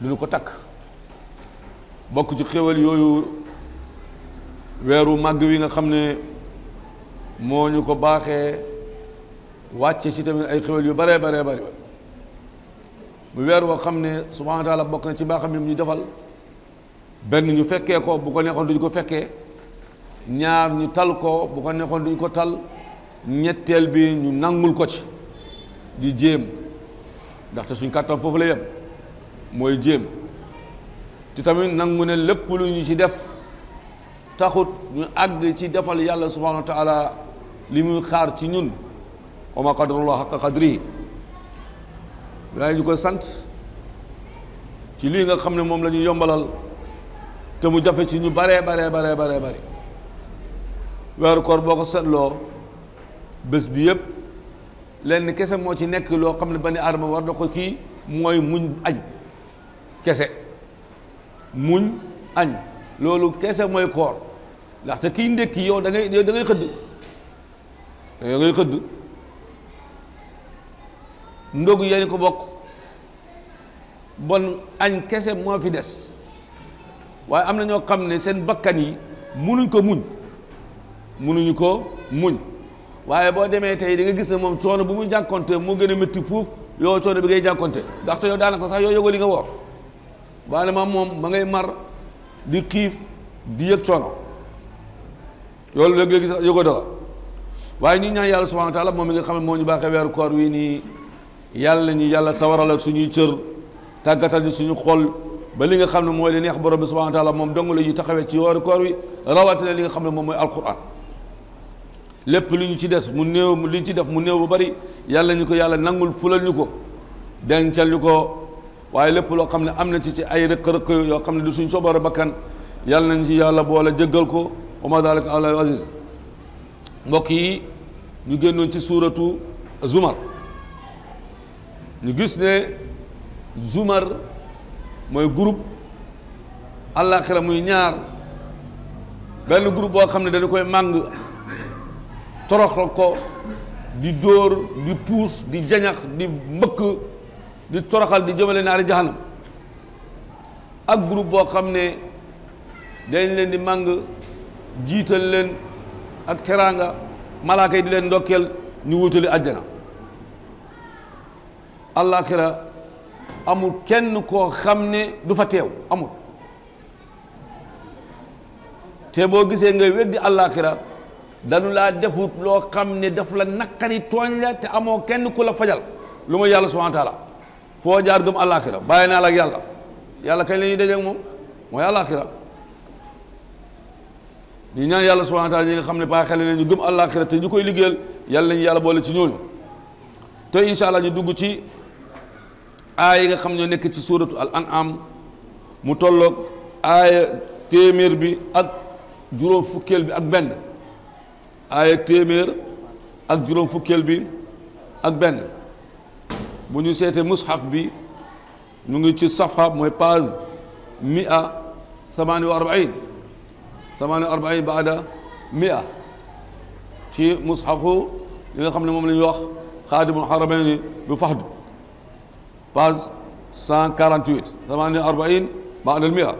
lu ñu ko takk bokk ci xéwal yooyu weeru màgg wi nga xam ne moo ñu ko baaxee wàcce ci tamit ay xéwal yu baree baree bari mu weer woo xam ne subhaana taala bokk na ci baaxam yi mu ñu defal benn ñu fekkee ko bu ko neexoon duñu ko fekkee ñaar ñu tal ko bu ko neexoon duñu ko tal ñetteel bi ñu nangul ko ci di jéem ndaxte suñ kàttan foofu la yem mooy jéem ci tamit nangu ne lépp lu ñu ci def taxut ñu àgg ci defal yàlla subhanahu wa taala li muy xaar ci ñun wa ma qadarullah xaqa waaye ñu koy sant ci lii nga xam ne moom la yombalal te mu jafe ci ñu baree baree baree baree bari weeru koor boo ko seetloo bés bi yépp lenn kese moo ci nekk loo xam ne bani aadama war na ko kii mooy muñ aj kese muñ añ loolu kese mooy koor ndaxte kiy ndékki yow dangay yow da ngay xëdd da ngay xëdd ndogu yéen ko bokk bon añ kese moo fi des waaye am na ñoo xam ne seen bakkan yi munuñ ko muñ munuñu ko muñ waaye boo demee tey da nga gis ne moom coono bu muy jànkonte moo gën a métti fuuf yow coono bi ngay jànkonte ndaxte yow ko sax yow yëgoo li nga woor waaye moom ma ngay mar di xiif di yëg coono loolu léegi léegi sax yëgoo dara waaye ñu ñaan yàlla subhanahu wa taala moom mi nga xam ne moo ñu baaxee weeru koor wi nii yàlla ñu yàlla sawarala suñuy cër tàggatal ñu suñu xol ba li nga xam ne mooy li neex borom bi subhanahu wa taala moom dong la ñuy taxawee ci weeru koor wi rawatina li nga xam ne moom mooy alquran lépp lu ñu ci des mu néew li ñu ci def mu néew bu bari yàlla ñu ko yàlla nangul fulal ñu ko dencal ñu ko waaye lépp loo xam ne am na ci ci ay rëq-rëq yoo xam ne di suñ sobara bakkan yàlla nañ ci yàlla boola jëggal ko wa ma dalika alal aziz mbokk yi ñu génnoon ci suuratu zumar ñu gis ne zumar mooy groupe àllaaxira muy ñaar benn group boo xam ne dañu koy màng toroxal ko di dóor di puus di jañax di mbëkk di toroxal di jëmale naari jahanam ak groupe boo xam ne dañ leen di màng jiital leen ak teraanga malaake yi di leen ndokkeel ñu wutali àjjana àllaaxira amul kenn koo xam ne du fa teew amul te boo gisee ngay weddi àllaaxira dañu laa defut loo xam ne daf la naqari tooñ la te amoo kenn ku la fajal lu ma yàlla subhaana taala foo jaar gëm àllaaxira bàyyi naa la yàlla yàlla kañ la ñuy moom mooy àllaaxira ñu ñaan yàlla subhaana taala ñi nga xam ne bàyyi xel nañu gëm àllaaxira te ñu koy liggéeyal yàlla nañu yàlla boole ci ñooñu te incha allah ñu dugg ci aaya yi nga xam ñoo nekk ci suuratu al an'am mu tolloog aaya téeméer bi ak juróom fukkeel bi ak benn aaya téeméer ak juróom fukkeel bi ak benn bu ñu seetee mushaf bi mu ngi ci safa mooy page mia samaani wa arbain samaani wa arbain baada mia ci mushafu li nga xam ne moom la ñuy wax xaadimul xaramayni bu faxd page 148 samaani wa arbain baada al mia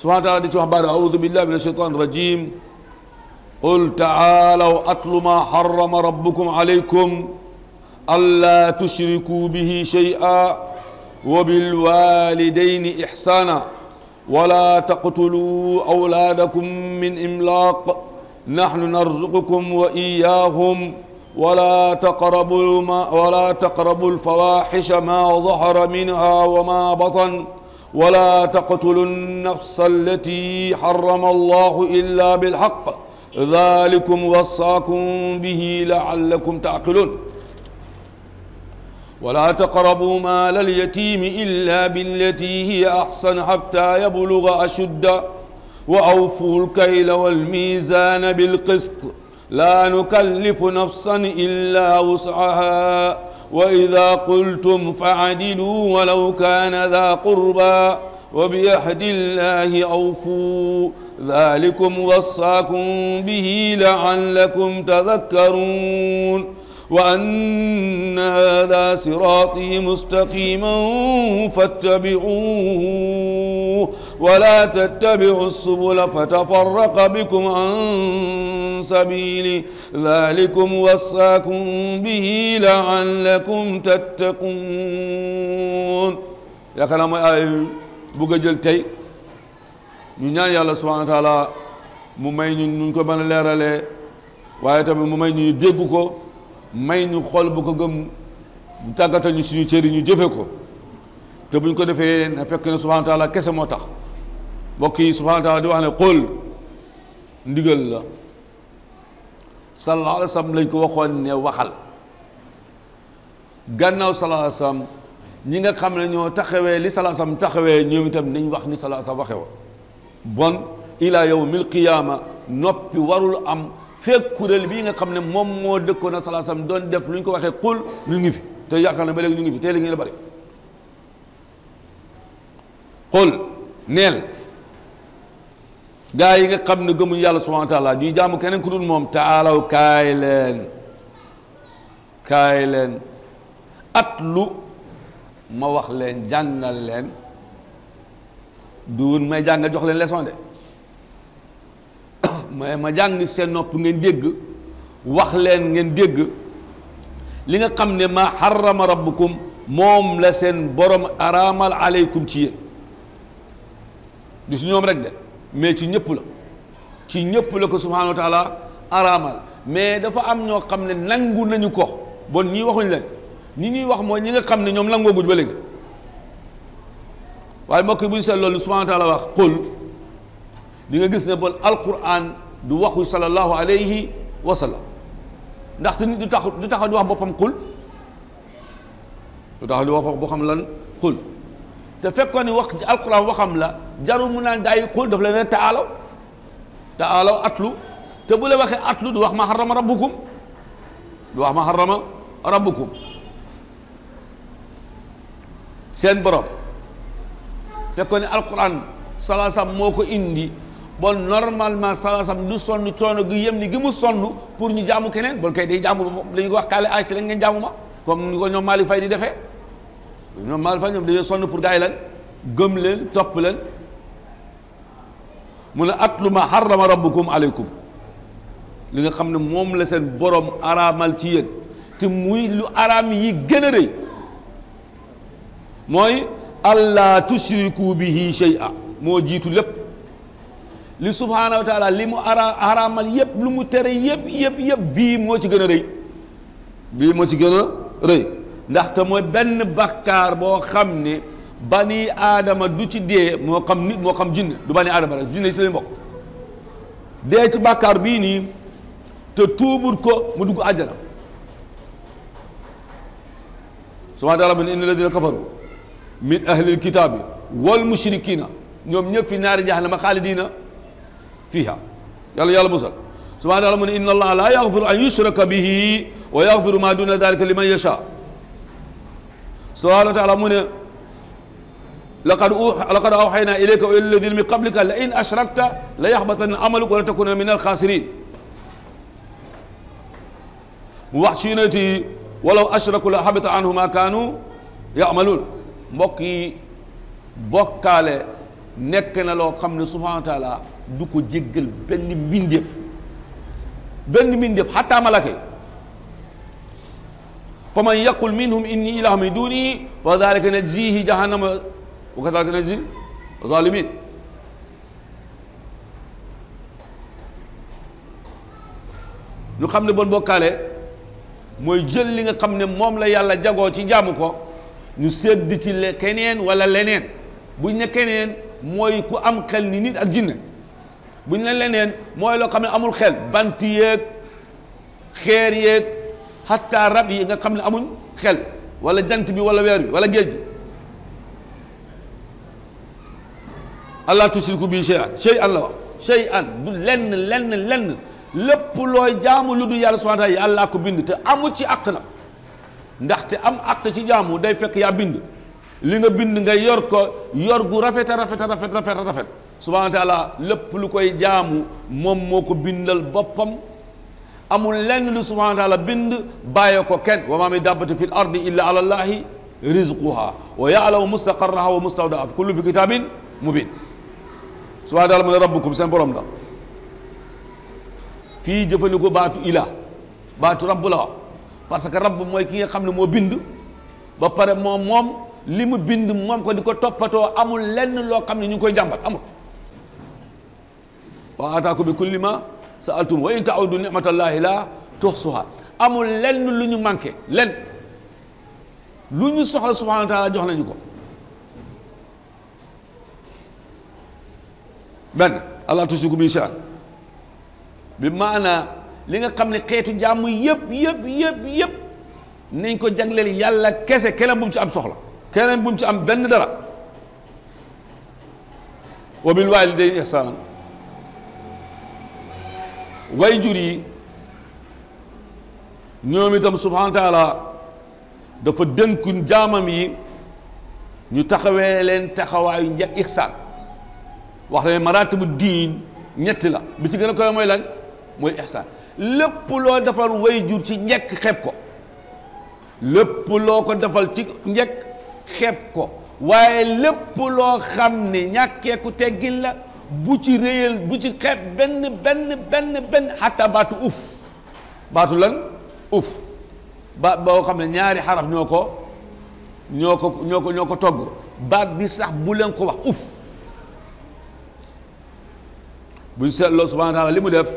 subhaana taala di ci wax baada audu billahi min ashaitan rajim qul taalaw atlu ma xarama rabbukum alaykum ألا تشركوا به شيئا وبالوالدين إحسانا ولا تقتلوا أولادكم من إملاق نحن نرزقكم وإياهم ولا تقربوا ما ولا تقربوا الفواحش ما ظهر منها وما بطن ولا تقتلوا النفس التي حرم الله إلا بالحق ذلكم وصاكم به لعلكم تعقلون ولا تقربوا مال اليتيم إلا بالتي هي أحسن حتى يبلغ أشده وأوفوا الكيل والميزان بالقسط لا نكلف نفسا إلا وسعها وإذا قلتم فعدلوا ولو كان ذا قربى وبعهد الله أوفوا ذلكم وصاكم به لعلكم تذكرون وأن هذا صراطي مستقيما فاتبعوه ولا تتبعوا السبل فتفرق بكم عن سبيله ذلكم وصاكم به لعلكم تتقون yaakaar naa mooy aaya yu bëgg a jël tey ñu ñaan yàlla subhaanahu wa taala mu may ñu ñu ko mën a leeralee waaye tamit mu may ñu dégg ko may ñu xool bu ko gëm bu suñu cër yi ñu jëfe ko te buñ ko defee na fekk ne subhaana kese moo tax mbokk yi subhaana taala di wax ne xool ndigal la sallallahu alayhi lañ ko waxoon ne waxal gànnaaw sallallahu alayhi ñi nga xam ne ñoo taxawee li sallallahu alayhi taxawee ñoom itam nañ wax ni sallallahu alayhi wa sallam waxee wa qiyaama noppi warul am fekk kuréel bii nga xam ne moom moo dëkkoon a salaasam doon def lu ñu ko waxee xul ñu ngi fi te yaakaar na ba léegi ñu ngi fi tey léegi ñu la bari xul neel gaa yi nga xam ne gëmuñu yàlla subhanahu ñuy jàmm keneen ku dul moom taalaw kaay leen kaay leen at lu ma wax leen jàngal leen duun may jàngal jox leen leçon ma ma jàng seen nopp ngeen dégg wax leen ngeen dégg li nga xam ne ma xarama rabbukum moom la seen borom araamal aleykum ci yéen du si ñoom rek de mais ci ci ñëpp la ko subhaanahu wa taala mais dafa am ñoo xam ne nangu nañu ko bon ñii waxuñ leen ñi ñuy wax mooy ñi nga xam ne ñoom nangoo ba léegi waaye mbokk loolu subhaanahu wa wax qul gis ne bon alquran du waxu sallallahu alayhi wa sallam ndaxte nit du tax du taxaw di wax boppam xul du taxaw di wax boo xam lan xul te fekkoon ni wax ci alquran waxam la jarul mu naan gaa yi xul daf la ne taalaw taalaw atlu te bu la waxee atlu du wax ma xarama rabbukum du wax ma xarama rabbukum seen borom fekkoon ni alquran salaasam moo ko indi bon normalement salaasam du sonn coono gi yem ni gi mu sonn pour ñu jaamu keneen bon kay day jaamu boppam dañu ko wax kaale ay ci la ngeen jaamu ma comme ni ko ñoom Malick Faye di defee ñoom Malick Faye ñoom dañoo sonn pour gars yi lan gëm leen topp leen mu ne atlu ma rabbukum aleykum li nga xam ne moom la seen borom araamal ci yéen te muy lu araam yi gën a rëy mooy allah tushriku bihi shay'a moo jiitu lépp li subhaanahu wa li mu ara araamal yépp lu mu tere yépp yépp yépp bii moo ci gën a rëy bii moo ci gën a rëy ndaxte mooy benn bakkaar boo xam ne bani aadama du ci dee moo xam nit moo xam jinne du bani aadama rek jinne ci lañ bokk dee ci bakkaar bii nii te tuubut ko mu dugg àjjana subhaanahu wa taala mu inna ladina kafaru min wal mushrikina ñoom ñëpp fi naari jahannama xaalidina fiha yàlla yàlla musal subhaana taala mu ne inna allaha laa yaxfiru an yushraka bihi wa yaxfiru ma duna dalika liman yasha subhaana taala mu ne laqad laqad awxaynaa ilayka wa ila alladina min qablika la in ashrakta la yaxbatanna amaluka wa la takuna min alxaasirin mu wax ci yonent yi walaw ashraku la habita anhum ma kaanu yaamaluun mbokk yi bokkaale nekk na loo xam ne subhaana taala du ko jéggal benn mbindeef benn mbindeef xataa malaka fa man yaqul minhum inni ilahum min duni fa dalika najzihi jahannama wa kadalika najzi zalimin ñu xam ne bon bokkaale mooy jël li nga xam ne moom la yàlla jagoo ci jaamu ko ñu sédd ci keneen wala leneen bu ne keneen mooy ku am xel ni nit ak jinne bu ñu la leneen mooy loo xam ne amul xel bant yeeg xeer yeeg xatta rab yi nga xam ne amuñ xel wala jant bi wala weer bi wala géej bi allah tushriku bi shay'an shay'an la wax shay'an du lenn lenn lenn lépp looy jaamu lu du yàlla subhanahu wa ta'ala yàllaa ko bind te amu ci àq nag ndaxte am àq ci jaamu day fekk yaa bind li nga bind nga yor ko yor gu rafet a rafet a rafet a rafet subhaana taala lépp lu koy jaamu moom moo ko bindal boppam amul lenn lu subhaana taala bind bàyyee ko kenn wa maa min dabbatin fi l ardi illa ala llaahi rizquha wa yaalamu mustaqarraha wa mustawdaaha kullu fi kitaabin mubin subhaana taala mu ne rabbukum seen borom la fii jëfandikoo baatu ila baatu rabb la parce que rabb mooy ki nga xam ne moo bind ba pare moom moom li mu bind moom ko di ko toppatoo amul lenn loo xam ne ñu ngi koy jàmbat amut wa ataakum bi kulli ma sa'altum wa in ta'udu ni'matallahi la tuhsuha amul lenn lu ñu manqué lenn lu ñu soxla subhanahu wa taala jox nañu ko benn allah tushriku bi shay'an bi maana li nga xam ne xeetu jàmm yëpp yëpp yëpp yëpp nañ ko jagleel yàlla kese keneen bu mu ci am soxla keneen bu mu ci am benn dara wa bil waalidayni ihsaanan way jur yi ñoom itam subhanahu wa dafa dënku jaamam yi ñu taxawee leen taxawaayu nja ixsaan wax ne maratibu diin ñetti la bi ci gën a koy mooy lan mooy ixsaan lépp loo defal way jur ci njekk xeeb ko lépp loo ko defal ci njekk xeeb ko waaye lépp loo xam ne ñàkkeeku teggin la bu ci réyal bu ci xeeb benn benn benn benn xatta baatu uf baatu lan uf baat boo xam ne ñaari xaraf ñoo ko ñoo ko ñoo ko ñoo ko togg baat bi sax bu leen ko wax uf buñ seetloo subhaana taala li mu def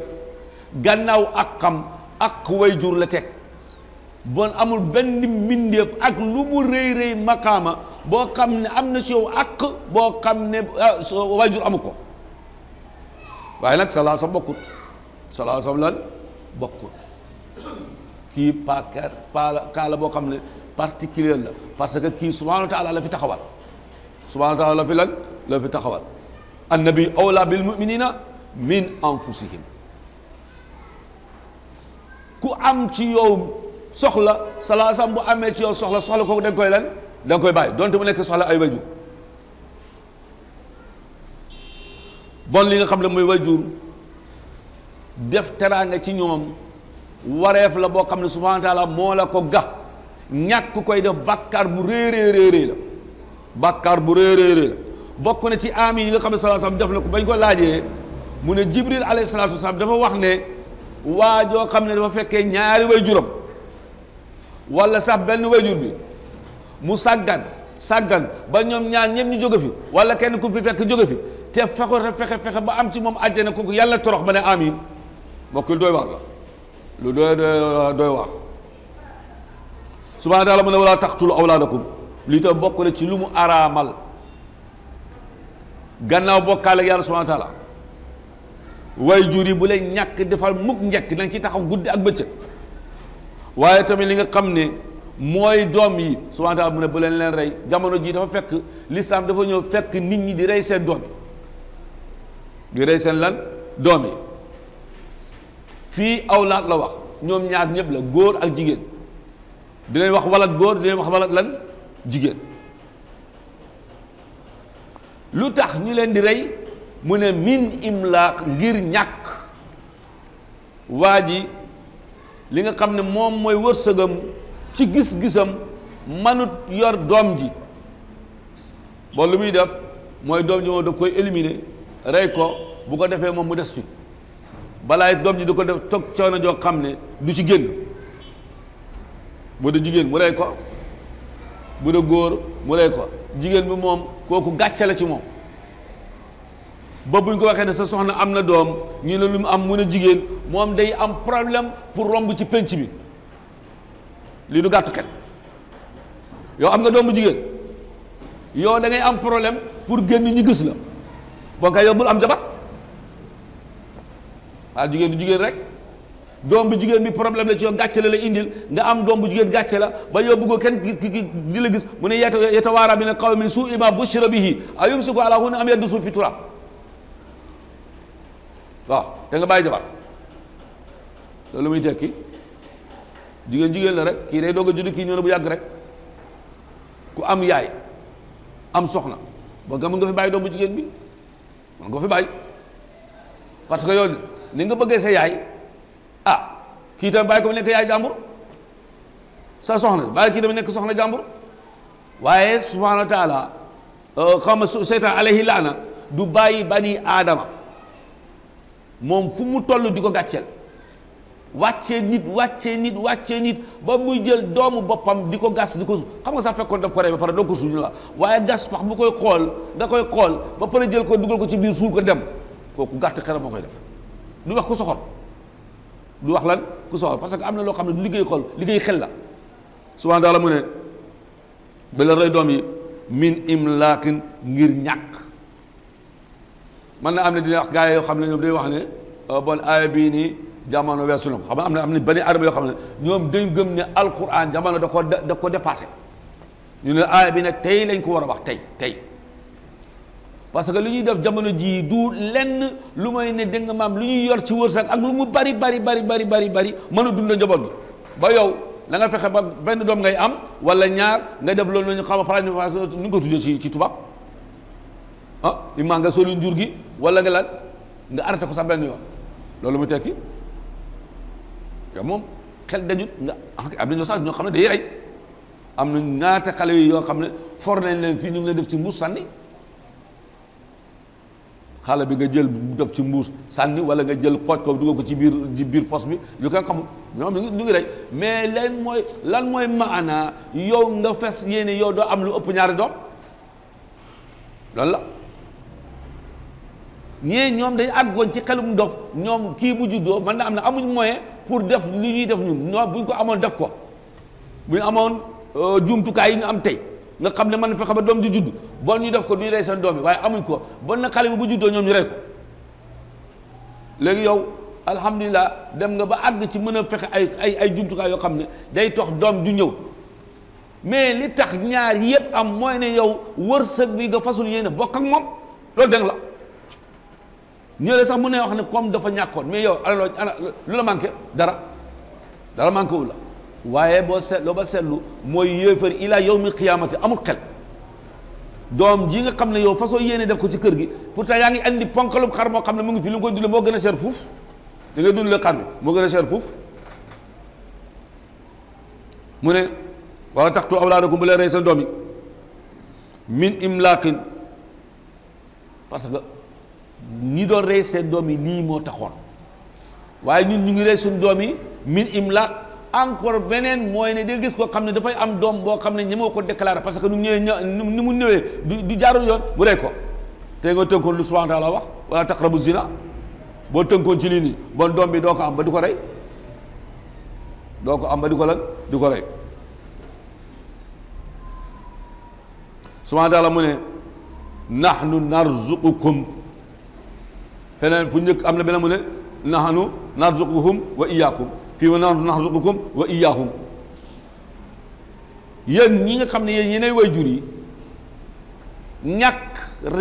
gannaaw ak xam ak way jur la teg bon amul benn mbindeef ak lu mu rëy rëy maqaama boo xam ne am na ci yow ak boo xam ne ah, wayjur amu ko waaye nag salaasa bokkut salaasa lan bokkut kii pa kaala boo xam ne particulier la parce que kii subhanahu wa la fi taxawal subhanahu wa taala la fi lan la fi taxawal annabi awla bil muminina min anfusihim ku am ci yow soxla salaasam bu amee ci yow soxla soxla kooku da nga koy lan da koy bàyyi donte mu nekk soxla ay wayju bon li nga xam ne mooy wajur def teraanga ci ñoom wareef la boo xam ne subhaana taala moo la ko ga ñàkk koy def bàkkaar bu réeréeréeréy la bàkkaar bu réeréeréy la bokk na ci amin yi nga xam ne salaa def la ko bañ ko laajee mu ne jibril alayhi salaatu wasalaam dafa wax ne waa joo xam ne dafa fekkee ñaari way juram wala sax benn waajur bi mu sàggan sàggan ba ñoom ñaar ñëpp ñu jóge fi wala kenn ku fi fekk jóge fi te fexe fexe fexe ba am ci moom àjjana kooku yàlla torox ba ne amin mbokk dooy waar la lu dooy dooy waar subhaana taala mu ne wala taqtulu awlaadakum li tam bokk ci lu araamal gannaaw bokkaale ak yàlla subhaana taala waaye jur yi bu leen ñàkk defal mukk njëkk nañ ci taxaw guddi ak bëccëg waaye tamit li nga xam ne mooy doom yi subhaana taala mu ne bu leen leen rey jamono jii dafa fekk lislaam dafa ñëw fekk nit ñi di rey seen doom ñu rey seen lan doom yi fii awlaat la wax ñoom ñaar ñëpp la góor ak jigéen dinañ wax walat góor dinañ wax walat lan jigéen lu tax ñu leen di rey mu ne miin imlaaq ngir ñàkk waa ji li nga xam ne moom mooy wërsëgam ci gis-gisam manut yor doom ji ba lu muy def mooy doom ji moom daf koy éliminer rey ko bu ko defee moom mu des fi balaay doom ji du ko def toog coono joo xam ne du ci génn bu dee jigéen mu rey ko bu dee góor mu rey ko jigéen bi moom kooku gàcce la ci moom ba buñ ko waxee ne sa soxna am na doom ñu ne lu mu am mun a jigéen moom day am problème pour romb ci pénc bi lii du gàttu kenn yow am na doom bu jigéen yow dangay am problème pour génn ñu gis la bon kay yow bul am jabar waa ah, jigéen du jigéen rek doom bu jigéen bi problème la ci yow gàcce la la indil nga am doom bu jigéen gàcce la ba yow bëggoo kenn ki di la gis mu ne yeta yetawaaraa mina qawmi suu'i maa bushira bihi ayumsiku alaa hunin am yaddusu fi turaab waaw te nga bàyyi jabar loolu muy tekki jigéen jigéen la rek kii day doog a judd kii ñëw na bu yàgg rek ku am yaay am soxna ba nga nga fi bàyyi doom bu jigéen bi man ko fi bàyyi parce que yow ni nga bëggee sa yaay ah kii tam bàyyi ko mu nekk yaay jàmbur sa soxna bàyyi kii tam nekk soxna jàmbur waaye subhaanahu wa taala euh, xaw seytaan alayhi laana du bàyyi bani aadama moom fu mu toll di ko gàcceel wàccee nit wàcce nit wàccee nit ba muy jël doomu boppam di ko gas di ko xam nga sax fekkoon daf ko rey pare doo ko suñu la waaye gas pax bu koy xool da koy xool ba pare jël ko dugal ko ci biir suul ko dem kooku gàtt xelam moo koy def du wax ku soxor du wax lan ku soxor parce que am na loo xam ne du liggéey xool liggéey xel la subhaana taala mu ne ba la rey doom yi min imlaakin ngir ñàkk man na am ne dina wax gaa yoo xam ne ñoom day wax ne oh, bon bii nii jamono weesu na ko xam nga am na am na bani adama yoo xam ne ñoom dañ gëm ne alquran jamono da ko da ko dépassé ñu ne aaya bi nag tey lañ ko war a wax tey tey parce que lu ñuy def jamono jii du lenn lu may ne dégg nga maam lu ñuy yor ci wërsëg ak lu mu bari bari bari bari bari bari mën a dund bi ba yow la nga fexe ba benn doom ngay am wala ñaar nga def loolu ñu xam a ñu ko tuddee ci ci tubaab ah i maa nga solu njur gi wala nga lan nga arrêté ko sax benn yoon loolu mu tekki yow moom xel dajut nga am nañu sax ñoo xam ne day rey am na ñaata xale yi yoo xam ne for nañ leen fii ñu ngi leen def ci mbuus sànni xale bi nga jël def ci mbuus sànni wala nga jël xooj ko dugal ko ci biir ci biir fos bi yu ko xamul ñoom ñu ngi rey mais lan mooy lan mooy maanaa yow nga fes yéene yow doo am lu ëpp ñaari doom loolu la ñee ñoom dañu àggoon ci xelum dof ñoom kii bu juddoo man na am na amuñ moyen pour def li ñuy def ñun non bu ñu ko amoon def ko bu ñu amoon euh, jumtukaay yi ñu am tey nga xam ne mën na fexe ba doom di juddu bon ñu def ko du ñu rey doom yi waaye amuñ ko bon na xale bi bu juddoo ñoom ñu rey ko léegi yow alhamdulilah dem nga ba àgg ci mën a fexe ay ay ay jumtukaay yoo xam ne day tox doom ju ñëw mais li tax ñaar yépp am mooy ne yow wërsëg bi nga fasul yéene bokk ak moom loolu dégg la. ñële sax mu ne wax ne comme dafa ñàkkoon mais yow alal lu la manqué dara dara manqué wu la waaye boo seet loo ba seetlu mooy yéefar ilaa yawmil qiyaamati amul xel doom ji nga xam ne yow façon yéene def ko ci kër gi pourtant yaa ngi andi ponkalum xar moo xam ne mu ngi fi li nga koy dundee moo gën a cher fuuf da ngay dundalee xar bi moo gën a cher fuuf mu ne wala taxtu awlaadakum bu leen rey seen doom yi min imlaaqin parce que ñi doon rey seen doom yi lii moo taxoon waaye ñun ñu ngi rey suñu doom yi min imlaq encore beneen mooy ne di gis koo xam ne dafay am doom boo xam ne ñemoo ko déclaré parce que nu mu ñëwee nu mu ñëwee du du jaarul yoon mu rey ko te nga tënkoon lu subhanahu wa wax wax tax rabu zina boo tënkoon ci lii nii bon doom bi doo ko am ba di ko rey doo ko am ba di ko lan du ko rey subhanahu wa taala mu ne nahnu narzuqukum feneen fu njëkk am na benn mu ne nahanu narzuquhum wa iyaakum fii wa nahanu narzuqukum wa iyaahum yéen ñi nga xam ne yéen yeneen way jur yi ñàkk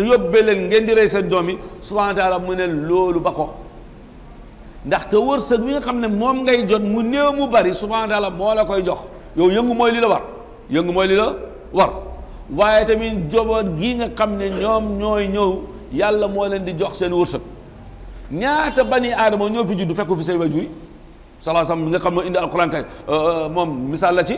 yóbbee leen ngeen di rey seen doom yi subhaana taala mu ne loolu ba ko ndaxte wërsëg wi nga xam ne moom ngay jot mu néew mu bari subhaana taala moo la koy jox yow yëngu mooy li la war yëngu mooy li la war waaye tamit joboot gi nga xam ne ñoom ñooy ñëw yàlla moo leen di jox seen wërsëg ñaata bani aadama ñoo fi juddu fekku fi say waajur yi salaasam mi nga xam ne indi alxuraan kay euh, euh, moom misaal la ci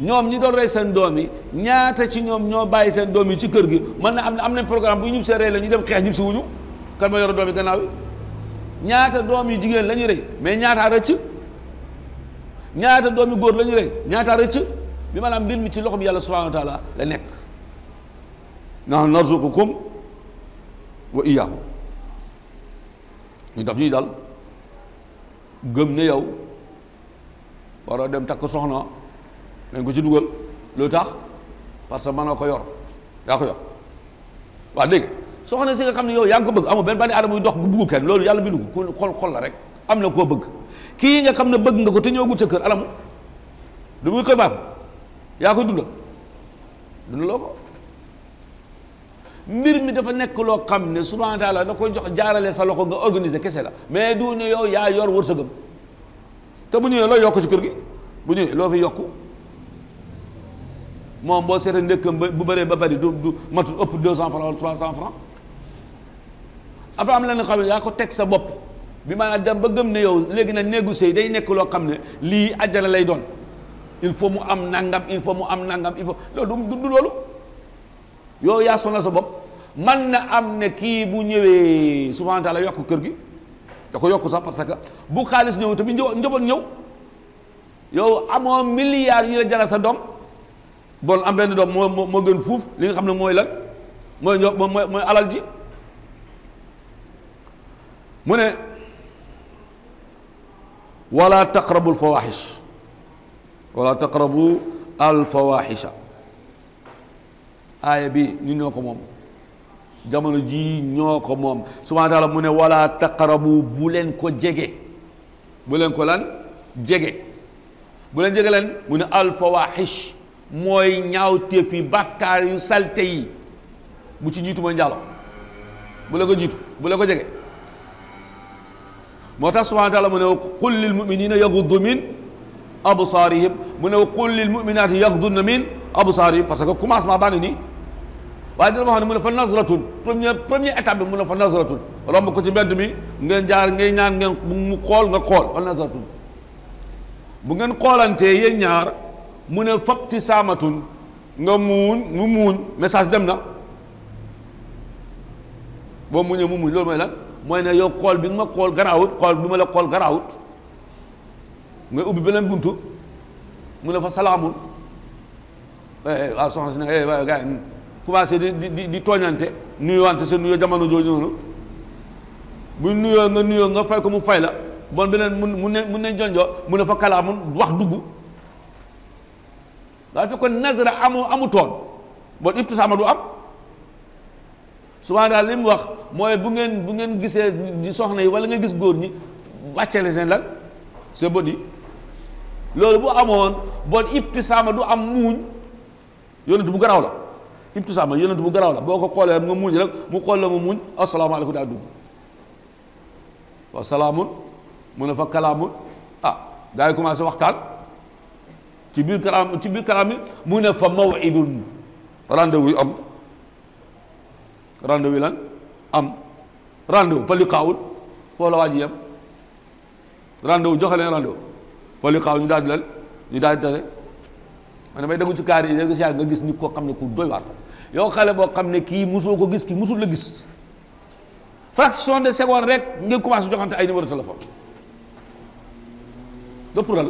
ñoom ñi doon rey seen doom yi ñaata ci ñoom ñoo bàyyi seen doom yi ci kër gi mën na am na am nañ programme bu ñu see rey la ñu dem xeex ñu si wuñu kan ma yore doom yi gannaaw yi ñaata doom yu jigéen la ñu rey mais ñaata rëcc ñaata doom yu góor la ñu rey ñaata rëcc bi maanaam mbir mi ci loxo bi yàlla subhanahu wa la nekk. nahnu narzuqukum wa iyaahu ñu daf ñuy dal gëm ne yow war a dem takk soxna dañ ko ci dugal loo tax parce que mën na ko yor yaa ko yor waa dégg soxna si nga xam ne yow yaa ngi ko bëgg amul benn bani aadama yu dox bu buggu kenn loolu yàlla bindu ko ku xol xol la rek am na koo bëgg kii nga xam ne bëgg nga ko te ñëwagul sa kër alamu du muy xëy yaa koy dundal dundaloo mbir mi dafa nekk loo xam ne subhanahu wa taala da koy jox jaarale sa loxo nga organiser kese la mais du ne yow yaa yor wërsëgam te bu ñëwee loo yokk ci kër gi bu ñëwee loo fi yokk moom boo seetee ndëkkam ba bu bëree ba bari du du matul ëpp deux cent francs wala trois cent francs afa am lenn xam ne yaa ko teg sa bopp bi maanaam dem ba gëm ne yow léegi nag négocier day nekk loo xam ne lii ajjana lay doon il faut mu am nangam il faut mu am nangam il faut loolu du yow yaa sonal sa bopp man na am ne kii bu ñëwee subhaana taala yokk kër gi da ko yokk sax parce que bu xaalis ñëw tamit njaboot ñëw yow amoo milliards yi la jaral sa doom bon am benn doom moo moo gën fuuf li nga xam ne mooy lan mooy ño mooy mooy alal ji mu ne wala taqrabu alfawaxish wala aaya bi ñu ñoo moom jamono ji ñoo moom subhaana taala mu ne wala taqarabu bu leen ko jege bu ko lan jege bu leen jege lan mu ne alfawaxish mooy ñaawteef yi bàkkaar yu salte yi bu ci jiitu mooy njaalo bu ko jiitu bu leen ko jege moo tax subhaana taala mu ne qul lil muminina yaguddu min absaarihim mu ne qul lil muminaati yagdunna min absaarihim parce que commencement baa ngi nii waaye dina ma xam ne mu ne fa nasratun première première étape bi mu ne fa nasratun romb ko ci mbedd mi ngeen jaar ngay ñaan ngeen mu xool nga xool fa nasratun bu ngeen xoolantee yéen ñaar mu ne fabti saamatul nga muuñ mu muuñ message dem na boo muñee mu muuñ loolu mooy lan mooy ne yow xool bi nga ma xool garaawut xool bi ma la xool garaawut nga ubbi beneen buntu mu ne fa salaamun eh, eh, waaw soxna si ne eh, waaye gars yi hmm. commencé di di di tooñante nuyuwante sa nuyoo jamono jooju noonu bu nuyoo nga nuyoo nga fay ko mu fay la bon beneen mun mun ne mun ne jonjoo mun ne fa kalaa mun wax dugg daa fekkoon nazara amu amu toon bon du am souvent daal wax mooy bu ngeen bu ngeen gisee soxna yi wala nga gis góor ñi wàccele seen lan c'est bon yi loolu bu amoon bon ibtisaama du am muuñ yonent bu garaw la ibtisaama yonent bu garaaw la boo ko xoolee nga muñ rek mu xool la mu muñ asalaamaaleykum daa dugg fa salaamun mu ne fa kalaamun ah gars yi commencé waxtaan ci biir kalaam ci biir kalaam bi mu ne fa mawidun rendez-vous yu am rendez-vous yi lan am rendez-vous fa liqaawul foo la waa ji yem rendez-vous joxe leen rendez-vous fa liqaawul ñu daal di leen ñu daal di tase man damay déglu ci kaar yi léegi si nga gis nit koo xam ne ku doy waar yow xale boo xam ne kii musoo ko gis kii musul la gis fraction de seconde rek ngeen commencé joxante ay numéro téléphone do pour la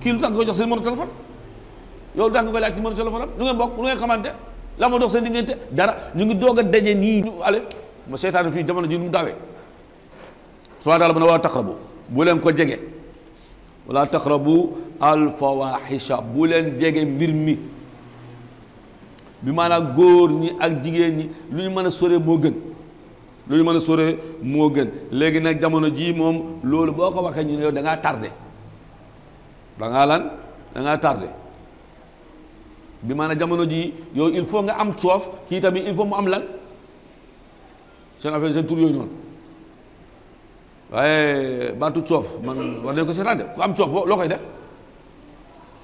kii lu tax nga koy jox seen numéro téléphone yow lu tax nga koy laaj numéro téléphone am lu ngeen bokk lu ngeen xamante la ma dox seen diggante dara ñu ngi doog a daje nii ñu ale ma fii jamono ji nu mu daawee soo daal mën a waa taqrabu bu leen ko jege wala taqrabu alfawaxisha bu leen jege mbir mi bi maanaam góor ñi ak jigéen ñi lu ñu mën a sore moo gën lu ñu mën a sore moo gën léegi nag jamono jii moom loolu boo ko waxee ñu ne yow da ngaa tardé da ngaa lan da ngaa tardé bi maanaam jamono jii yow il faut nga am coof kii tamit il faut mu am lan seen affaire seen tur yooyu noonu waaye baatu coof man war nañ ko seetaan de ku am coof loo koy def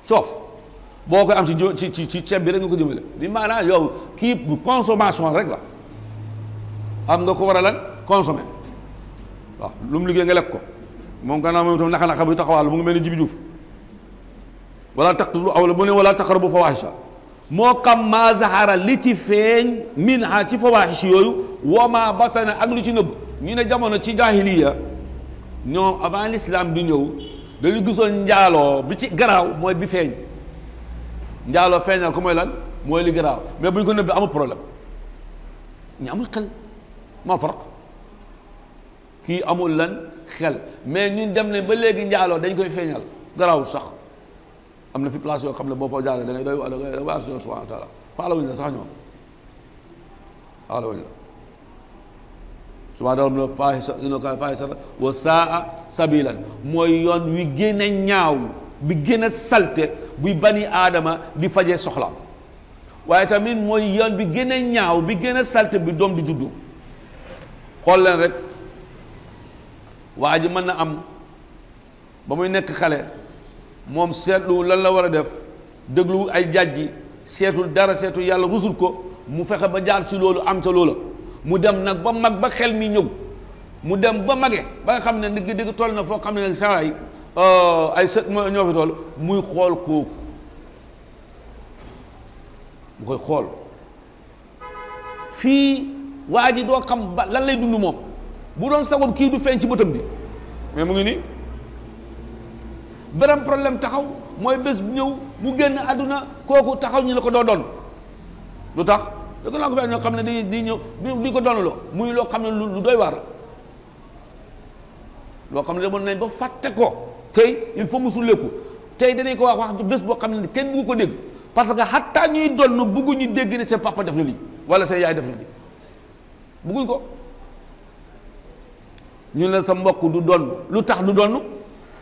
coof boo koy am ci ci ci ceeb bi rek nga ko jëmale bi maanaam yow kii consommation rek la am nga ko war a lan consommer waaw lu mu liggéey nga lekk ko moom gannaaw moom taxawal mu mel ni Jibi Juuf wala taqtulu aw la mu ne wala taqrabu fawaahisha moo xam maa zahara li ci feeñ min ha ci fawaahish yooyu wa ma batana ak lu ci nëbb ñu ne jamono ci jaahiliya ñoom avant l'islam bi ñëw dañu gisoon njaaloo bi ci garaaw mooy bi feeñ njaaloo feeñal ko mooy lan mooy li garaaw mais bu ñu ko nëbbee amul problème ñu amul xel kii amul lan xel mais ñun dem nañ ba léegi njaaloo dañ koy feeñal garaawul sax am na fi place yoo xam ne boo fa jaaree da ngay doy da ngay waar subhanahu la sax ñoom faalawuñ la subhaana rabbil faahisha innaka faahishatan sa saa sabilan mooy yoon wi génne ñaaw bi gën salte buy bani aadama di fajee soxla waaye tamit mooy yoon bi gën ñaaw bi gën a salte bi doom di juddu xool leen rek waa ji mën na am ba muy nekk xale moom seetlu lan la war a def déglu ay jàjji seetul dara seetul yàlla rusul ko mu fexe ba jaar ci loolu am ca loola mu dem nag ba mag ba xel mi ñëw mu dem ba mage ba nga xam ne dëgg-dëgg toll na foo xam ne nag saa yi euh, ay sët ñoo fi toll muy xool kooku mu koy xool fii waa ji doo xam ba lan lay dund moom bu doon sagoon kii du feeñ ci bëtam bi mais mu ngi nii beneen problème taxaw mooy bés ñëw mu génn àdduna kooku taxaw ñu la ko doo doon lu tax da ko lànk fi ñoo xam ne dañuy di ñëw di ko mu muy loo xam ne lu doy waar loo xam ne demoon nañ ba fàtte ko tey il faut mu sulleeku tey danañ ko wax wax bés boo xam ne kenn bugg ko dégg parce que xattaa ñuy donn ñu dégg ne seen papa def na lii wala seen yaay def na lii bugguñ ko ñu ne sa mbokk du donn lu tax du donn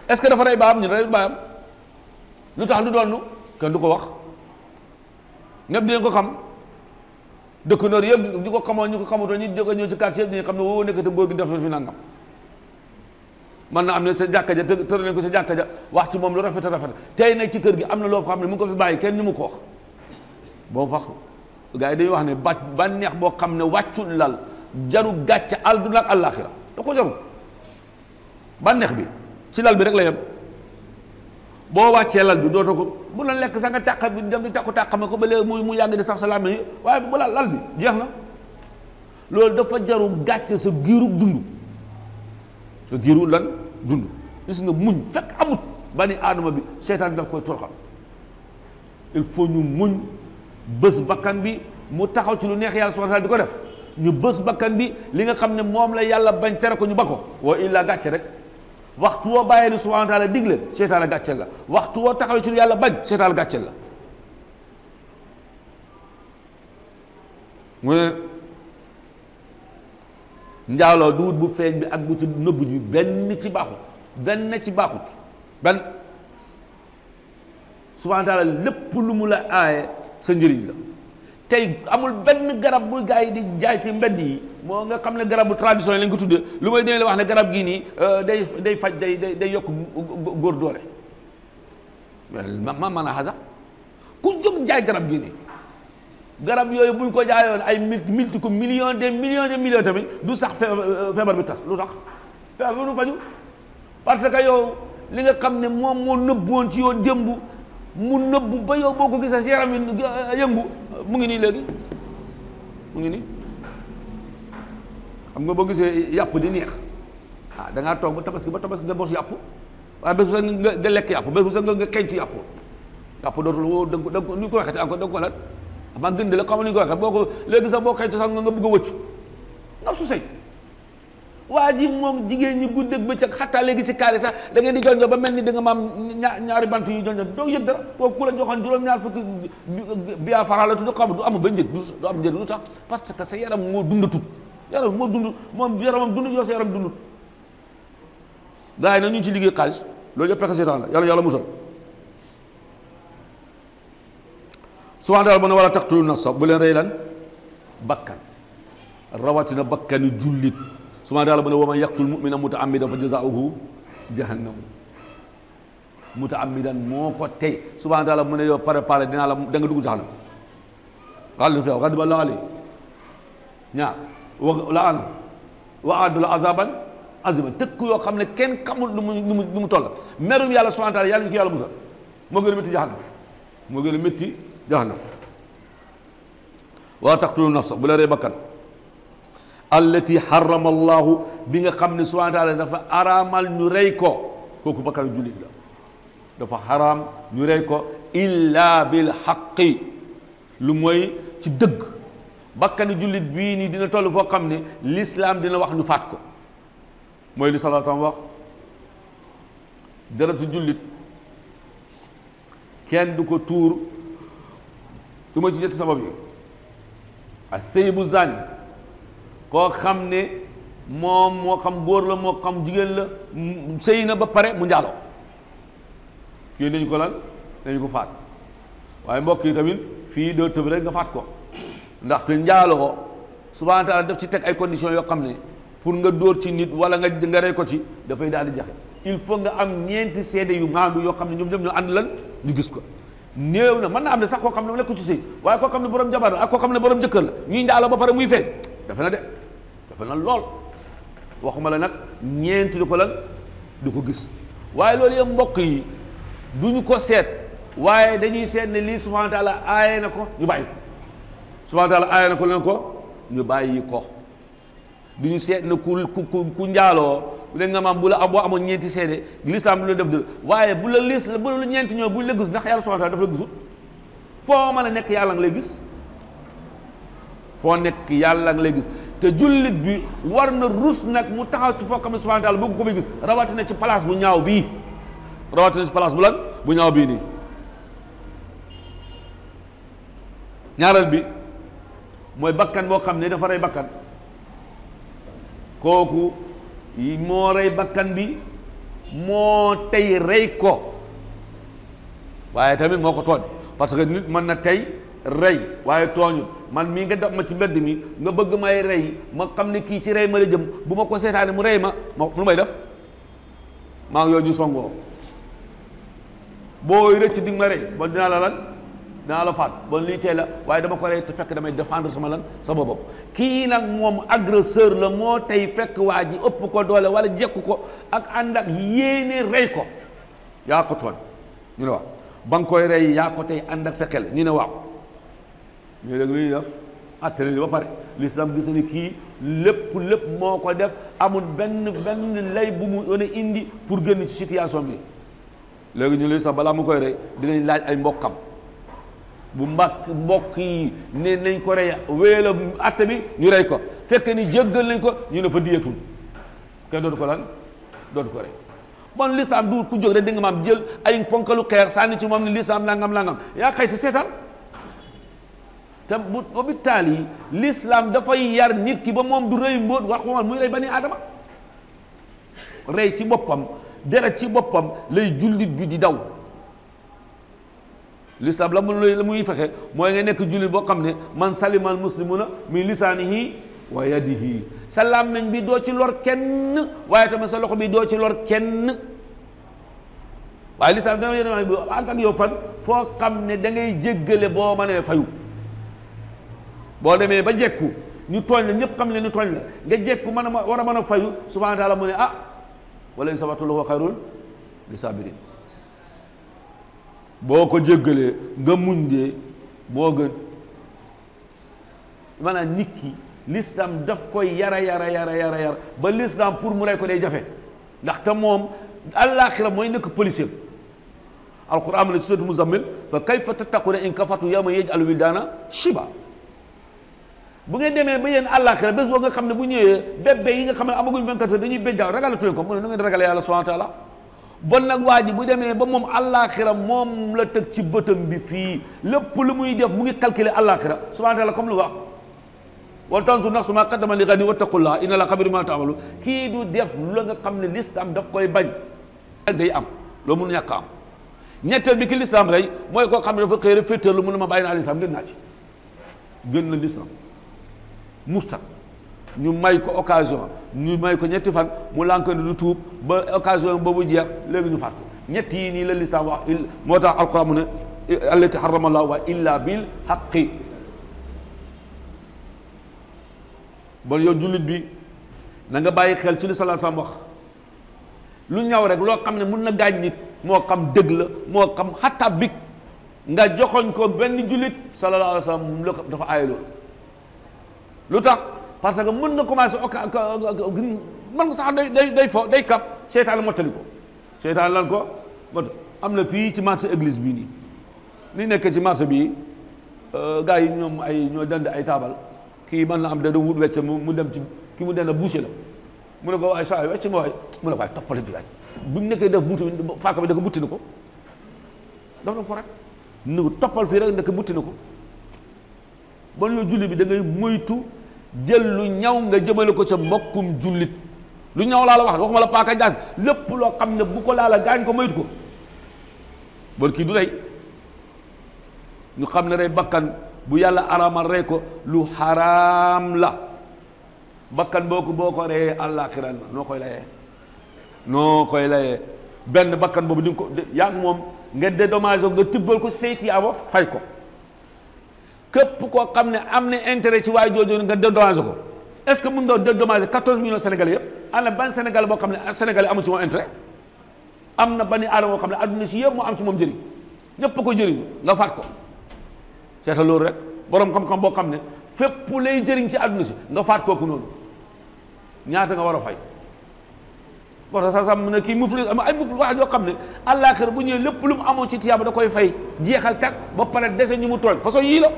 est-ce que dafa rey baam ñu rey baam lu tax du donn kenn du ko wax ñëpp dinañ ko xam dëkkandoor yëpp ñu ko xamoon ñu ko xamutoo ñu jóge ñëw ci quartier yëpp dañuy xam ne woo nekk te góor gi defal fi nangam man na am ne sa jàkka ja të tër nañ ko sa jàkka ja wax ci moom lu rafet a rafet tey nag ci kër gi am na loo xam ne mu ngi ko fi bàyyi kenn ñu mu ko wax boo wax gars yi wax ne ba bànneex boo xam ne wàccul lal jaru gàcce du ak àllaaxira da ko jaru bànneex bi ci lal bi rek la yem boo wàccee lal bi dootoo ko bu na lekk sax nga tàqa bi dem di tàqu ma ko ba léegi muy mu yàgg di sax sa làmmiñ waaye bu la lal bi jeex na loolu dafa jaru gàcce sa giiru dund sa giiru lan dund gis nga muñ fekk amut ba ni aadama bi seytaan bi daf koy toroxal il faut ñu muñ bés bakkan bi mu taxaw ci lu neex yàlla subhanahu wa di ko def ñu bës bakkan bi li nga xam ne moom la yàlla bañ tere ko ñu ba ko wa illaa gàcce rek waxtu woo bàyyee ni subhanahu wa taala digle seytaan la gàcceel la waxtu woo taxawee ci lu yàlla bañ seytaan la gàcceel la mu ne njaaloo duut bu feeñ bi ak bu ci nëbbu bi benn ci baaxut benn ci baaxut benn subhanahu lépp lu mu la aaye sa njëriñ la tey amul benn garab bu gaa yi di jaay ci mbedd yi moo nga xam ne garabu tradition yi lañ ko tuddee lu may dee wax ne garab gii nii euh, day day faj day day day yokk góor doole ma ma man a xasa ku jóg jaay garab gii nii garab yooyu buñ ko jaayoon ay multi multi ko million de million de millions tamit du sax euh, feebar bi tas lu tax feebar bi du faju parce que yow li nga xam ne moom moo nëbboon ci yow démb mu nëbbu ba yow boo ko gisee si yaram yi yëngu mu ngi nii léegi mu ngi nii xam nga boo gisee yàpp di neex ah da ngaa toog ba tabaski ba tabaski nga bos yàpp waaye ah, bés bu sax nga nga lekk yàpp bés bu sax nga nga xeeñtu yàpp yàpp dootul woo da nga ko nu ñu ko waxeeti encore nga ko lan amaa gën di la xam nga nu ñu ko waxee boo ko léegi sax boo xeeñtu sax nga bëgg a wëccu ndax su sëy waa ji moom jigéen ñi guddeeg bëccëg xataa léegi ci kaari sax da ngeen di jonjo ba mel ni da nga maam ñaari bant yu jonjo doo yëpp dara koo ku la joxoon juróom-ñaar fukki biya fara la tudd xam du am ba njëg du am njëg lu tax parce que sa yaram moo dundatut yaram moo dund moom yaramam dund yoo sa yaram dundut gars yi ñu ci liggéey xaalis loolu yëpp pexe seetaan la yàlla yàlla musal subhana taala mu ne wala taqtulu nafsa bu leen rey lan bakkan rawatina bakkani jullit subhaana taala mu ne wa man yaqtul mu'mina mutaammidan fa jazaauhu jahannam mutaammidan moo ko tey subhaana taala mu ne pare pare dinaa la da nga dugg jaxanam xaalin fi xadiba la ali ñaar la an wa addu la azaban azima tëkk yoo xam ne kenn xamul lu mu lu merum yàlla subhaana taala yàlla ñu ko musal moo gën a métti jaxanam moo gën a métti jaxanam wala taqtulu bu la rey bakkan allati harrama bi nga xam ne subhana dafa araamal ñu rey ko kooku bakkan jullit la dafa xaraam ñu rey ko illa bil xaqi lu mooy ci dëgg bakkani jullit bii nii dina toll foo xam ne lislaam dina wax ñu faat ko mooy li salaa sam wax deret su jullit kenn du ko tuur su ma ci ñetti sabab yi ak sëy bu zani koo xam ne moom moo xam góor la moo xam jigéen la sëy na ba pare mu njaaloo yooyu dañu ko lan dañu ko faat waaye mbokk yi tamit fii doo tëb rek nga faat ko ndaxte njaaloo subhaana taala daf ci teg ay conditions yoo xam ne pour nga dóor ci nit wala nga nga rey ko ci dafay daal di jaxe il faut nga am ñeenti seede yu maandu yoo xam ne ñoom ñoom ñoo ànd lan ñu gis ko néew na mën na am ne sax koo xam ne mu nekk ci sëy waaye koo xam ne borom koo xam ne borom jëkkër la ba pare muy dafa na de dafa na lool waxuma la nag ñeenti du ko lan du ko gis waaye loolu yëpp mbokk yi duñu ko seet waaye dañuy seet ne lii subhaana taala aaye na ko ñu bàyyi ko subhaana taala ko leen ko ñu bàyyi ko duñu seet ne ku ku ku njaaloo léegi nga maam bu la boo amoon ñeenti seede lislaam du la def de waaye bu la lis bu la ñeenti ñoo bu la gis ndax yàlla subhaana taala dafa la gisul foo mën a nekk yàlla nga lay gis foo nekk yàlla nga lay gis te jullit bi war na rus nag mu taxaw ci foo xam ne subhaana taala bëgg ko fay gis rawatina ci place bu ñaaw bii rawatina ci place bu lan bu ñaaw bii nii ñaareel bi mooy bakkan boo xam ne dafa rey bakkan kooku moo rey bakkan bi moo tey rey ko waaye tamit moo ko tooñ parce que nit mën na tey rey waaye tooñut man mii nga dab ma ci mbedd mi nga bëgg may rey ma xam ne kii ci rey ma la jëm bu ma ko seetaane mu rey ma ma lu may def maa ngi yooyu ñu songoo boo rëcc di nga ma rey bon dinaa la lan dinaa la faat bon lii tey la waaye dama ko rey te fekk damay défendre sama lan sama bopp kii nag moom agresseur la moo tey fekk waa ji ëpp ko doole wala jekk ko ak ànd ak yéene rey ko yaa ko tooñ ñu ne waaw ba nga koy rey yaa ko tey ànd ak sa xel ñu ne ñu nag lu ñuy def ba pare l'islam gis kii lépp lépp moo ko def amul benn benn lay bu mu indi pour génn ci situation bi léegi ñu lay sax balaa mu koy rey dinañ laaj ay mbokkam bu mbàkk mbokk yi ne nañ ko rey wéela atte ñu rey ko fekk ni jéggal nañ ko ñu ne fa diyetul kenn dootu ko lan dootu ko rey bon l'islam du ku jóg rek da nga maam jël ay ponkalu xeer sànni ci moom ne l'islam langam langam yaa xayti seetaan te bu obital yi l'islam dafay yar nit ki ba moom du rëy mbóot wax moom muy rey bani aadama rey ci boppam deret ci boppam lay jullit bi di daw l'islam la mu la muy fexe mooy nga nekk jullit boo xam ne man salimal muslimuna min lisaanihi wa yadihi sa làmmiñ bi doo ci lor kenn waaye tamit sa loxo bi doo ci lor kenn waaye l'islam dana yéen bi ak yow fan foo xam ne dangay ngay jéggale boo mënee fayu boo demee ba jekku ñu tooñ la ñëpp xam ne ñu tooñ la nga jekku mën a war a mën a fayu subhaana taala mu ne ah wala in sabartum lahuwa xayrun li sabirin boo ko jéggalee nga muñ dee moo gën maanaam nit ki l'islam daf koy yara yara yara yara yara ba l'islam pour mu rey ko day jafe ndaxte moom àllaaxira mooy nekk policier alquran la ci suratul muzammil fa kayfa tattaquuna in kafartum yawman yaj'alu wildaana shiba bu ngeen demee ba yéen àllaaxira bés boo nga xam ne bu ñëwee bébé yi nga xam ne amaguñ 24 heures dañuy béjjaaw ragalatuñ ko mu ne nu ngeen ragale yàlla subhaanahu wa taala bon nag waa ji bu demee ba moom àllaaxira moom la teg ci bëtam bi fii lépp lu muy def mu ngi calculer àllaaxira subhaanahu wa taala comme lu wax wal tanzur nafsun maa qaddamat li ghadin wattaqullaaha inna llaaha xabiirun bimaa ta'maluun kii du def la nga xam ne lislaam daf koy bañ ak day am loolu mënu ñàkk am ñetteel bi ki lislaam rey mooy koo xam ne dafa xëy rek féeteer lu mu ne ma bàyyi naa lislaam gën naa ci gën na lislaam musta ñu may ko occasion ñu may ko ñetti fan mu lànk ne du tuub ba occasion boobu jeex léegi ñu faat ko ñett yii nii la lislaam wax moo tax alquran mu ne allati harrama allahu illa bil haqqi bon yow jullit bi na nga bàyyi xel ci li salaa sam wax lu ñaw rek loo xam ne mun na gaañ nit moo xam dëgg la moo xam xatta big nga joxoñ ko benn jullit sallallahu alayhi wa sallam mu dafa aay loolu lu tax parce que mën na commencé ok man sax day day day fo day kaf seytaan mottali ko seytaan ko mot am na fi ci marché eglise bii nii li nekk ci marché bii euh, gars yi ñoom ay ñoo dend ay taabal kii mën na am da doon wut wecc mu dem ci ki mu dend boucher la mun ne ko waaye saa yu wecc ma waaye mu ne ko waaye toppale fi waay bu ñu nekkee def buuti faaka bi da ko butti na ko dafa rek nu toppal fii rek ndek butti na ko bon yow julli bi dangay ngay moytu jël lu ñaw nga jëmale ko ca mbokkum jullit lu ñaw laa la wax waxuma la paaka jaas lépp loo xam ne bu ko laala gaañ ko moytu ko bon kii du rey ñu xam ne rey bakkan bu yàlla araamal rey ko lu xaraam la bakkan boo ko boo noo koy layee noo koy layee benn bakkan boobu di nga ko yaa ngi moom nga dédommagé nga tibbal ko seyti abo fay ko képp koo xam ne am na intérêt ci waaye jooju nga dédommagé ko est-ce que mën doo dédommagé 14 millions sénégalais yëpp am na ban sénégalais boo xam ne sénégalais amu ci moom intérêt am na bani aadama boo xam ne adduna si yëpp moo am ci moom njëriñ ñëpp ko jëriñ nga faat ko seeta loolu rek borom xam-xam boo xam ne fépp lay jëriñ ci adduna si nga faat kooku noonu ñaata nga war a fay moo tax sax mu ne kii muflis am ay muflis wax xam ne àllaaxira bu ñëwee lépp lu mu amoon ci tiyaaba da koy fay jeexal tag ba pare dese ñu mu tooñ façon yii la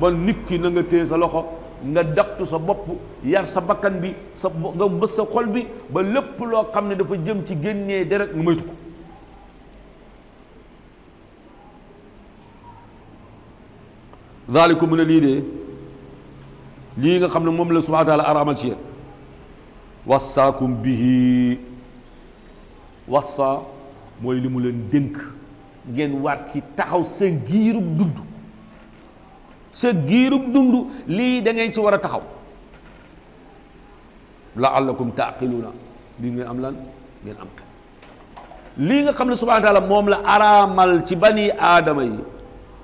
ba nit ki na nga téye sa loxo nga daptu sa bopp yar sa bakkan bi sa nga bës sa xol bi ba lépp loo xam ne dafa jëm ci génnee deret nga moytu ko daaliku mu ne lii de lii nga xam ne moom la subhaana taala araamal ci yéen wassaakum bihi wassa mooy li mu leen dénk ngeen waar ci taxaw seen giirub dudd seet giirug dund lii da ci war a taxaw laallakum taaqiluuna di ngeen am lan ngeen am xel lii nga xam ne subhaana taala moom la araamal ci bani aadama yi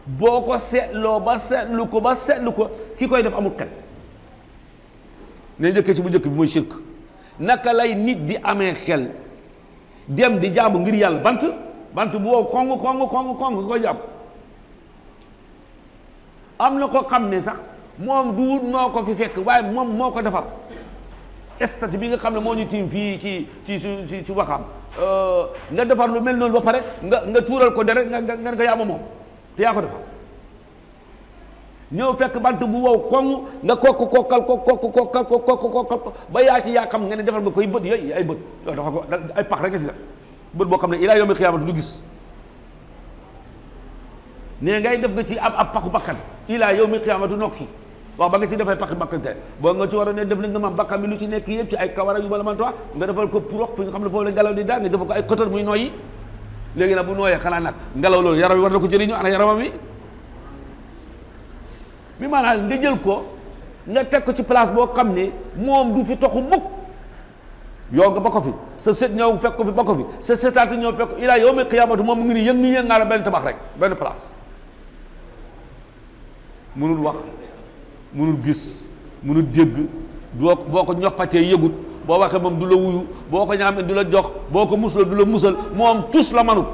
boo ko seetloo ba seetlu ko ba seetlu ko ki koy def amul xel ne njëkkee ci bu njëkk bi mooy shirk naka lay nit di amee xel dem di jaamu ngir yàlla bant bant bu wow kong kong kong kong nga koy am na ko xam ne sax moom du wut noo ko fi fekk waaye moom moo ko defar stat bi nga xam ne moo ñu tiim fii ci ci su ci ci waxaam euh, nga defar lu mel noonu ba pare nga nga tuural ko deret nga nga nga yaama moom te yaa ko defar ñëw fekk bant bu waw koŋ nga kokk kokkal ko kokk kokkal ko kokk kokkal ko ba yaa ci yaa xam nga ne defal nga koy bët yooyu ay bët yow dafa ko ay pax rek nga si def bët boo xam ne ilaa yawmi xiyaamatu du gis ne ngay def nga ci ab ab paxu bakkan ilaa yow qiyaama du nokki wax ba nga ci dafay paqi baqante boo nga ci war a ne def na nga maam baqam bi lu ci nekk yëpp ci ay kawara yu bala mantuwa ah, nga defal ko pour fi nga xam ne foofu nga léegi nag bu nooyee xanaa nag ngelaw loolu war na ko jëriñu ana yaramam wi bi nga jël ko nga teg ko ci place boo xam ne moom du fi toxu mukk yow nga ba ko fi sa sët ñëw fekk ko fi ba ko fi sa sëtaat ñëw fekk ilaa yawmil qiyaamati moom mu ngi ni yëngu-yëngaale benn tabax rek benn place mënul wax mënul gis mënul dégg doo boo ko ñoppatee yëgut boo waxee moom du la wuyu boo ko ñaamee du la jox boo ko musula du la musal moom tus la manut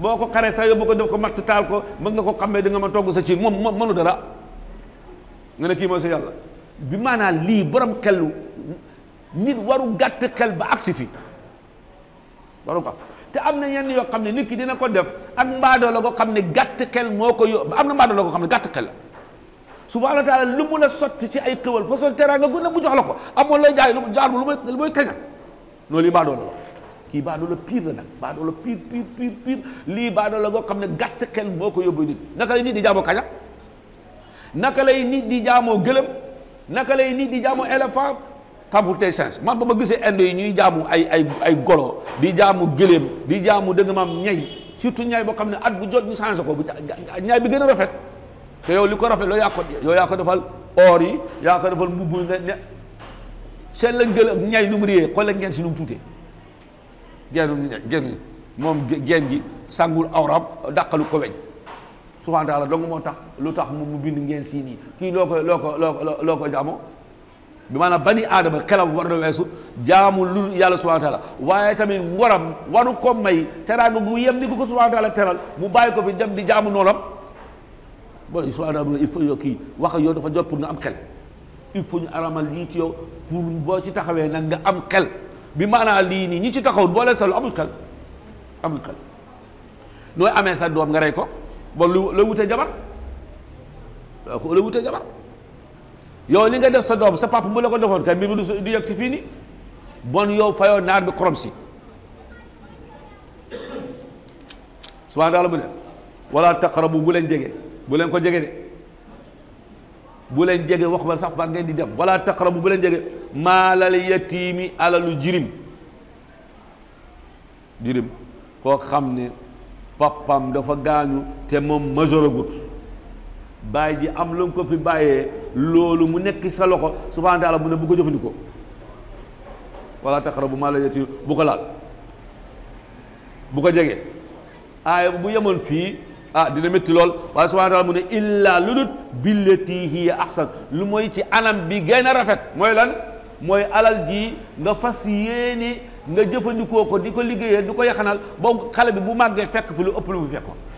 boo ko xaree sa yóbbu ko def ko matt taal ko mën nga ko xammee da nga ma togg sa ci moom mënu dara nga ne kii mooy sa yàlla bi maanaam lii borom xelu nit waru gàtt xel ba agsi fi waru ko te am na yenn yoo xam ne nit ki dina ko def ak mbaadoo la ko xam ne gàtt xel moo ko yo am na mbaadoo la ko xam ne gàtt xel la subhaana wa taala lu mu la sotti ci ay xéwal fa sol teraanga gu mu jox la ko amoon lay jaay lu jaar lu mooy lu mooy loolu yi la kii baadoo la pire la nag baadoo la pire pire pire pire lii baadoo la goo xam ne gàtt xel moo ko yóbbu nit naka lay nit di jaamoo kaña naka lay nit di jaamoo gëlëm naka lay nit di jaamoo éléphant xamul tey change man ba ma gisee indo yi ñuy jaamu ay ay ay golo di jaamu gëléem di jaamu dëgg maam ñay surtout ñay boo xam ne at bu jot ñu changé ko bu ñay bi gën a rafet te yow li ko rafet loo yaa ko yow defal or yi yaa ko defal mbubb ne ne seen lañ gël ñay nu mu réyee xool leen ngeen si nu mu tuutee genn genn moom genn gi sàngul awram daqalu ko weñ subhaana taala dong moo tax lu tax mu bind ngeen si nii kii loo ko loo ko loo ko loo ko jaamoo bi maanaam bani aadama xelam war na weesu jaamu lu yàlla subhanahu wa taala waaye tamit ngoram waru ko may teraanga gu yem ni ko subhanahu wa teral mu bàyyi ko fi dem di jaamu noonam bon subhanahu wa taala il kii wax yow dafa jot pour nga am xel il faut ñu aramal lii ci yow boo ci taxawee nag nga am xel bi maanaam lii nii ñi ci taxawul boo leen seetlu amul xel amul xel nooy amee sa doom nga rey ko bon lu la wutee jabar la wutee jabar yow li nga def sa doom sa papa bu la ko defoon kay mbir mi du yegg si fii ni bon yow fayoo naar bi xorom si subhaana taala mu ne wala taqrabu bu leen jege bu leen ko jege de bu leen jege wax ma sax ba ngeen di dem wala taqrabu bu leen jege maalal yatiimi alalu jirim jirim koo xam ne papam dafa gaañu te moom majeur agut bàyyi ji am lu ko fi loolu mu nekk sa loxo subhaana taala mu ne bu ko jëfandikoo wala taqrabu maa la yati bu ko laal bu ko jege aaya bu yemoon fii ah dina métti lool waaye subhaana taala mu ne illaa lu dut billati hiya ahsan lu mooy ci anam bi gën a rafet mooy lan mooy alal ji nga fas yéene nga jëfandikoo ko di ko liggéeyee di ko yaxanal boo xale bi bu màggee fekk fi lu ëpp lu mu fekkoon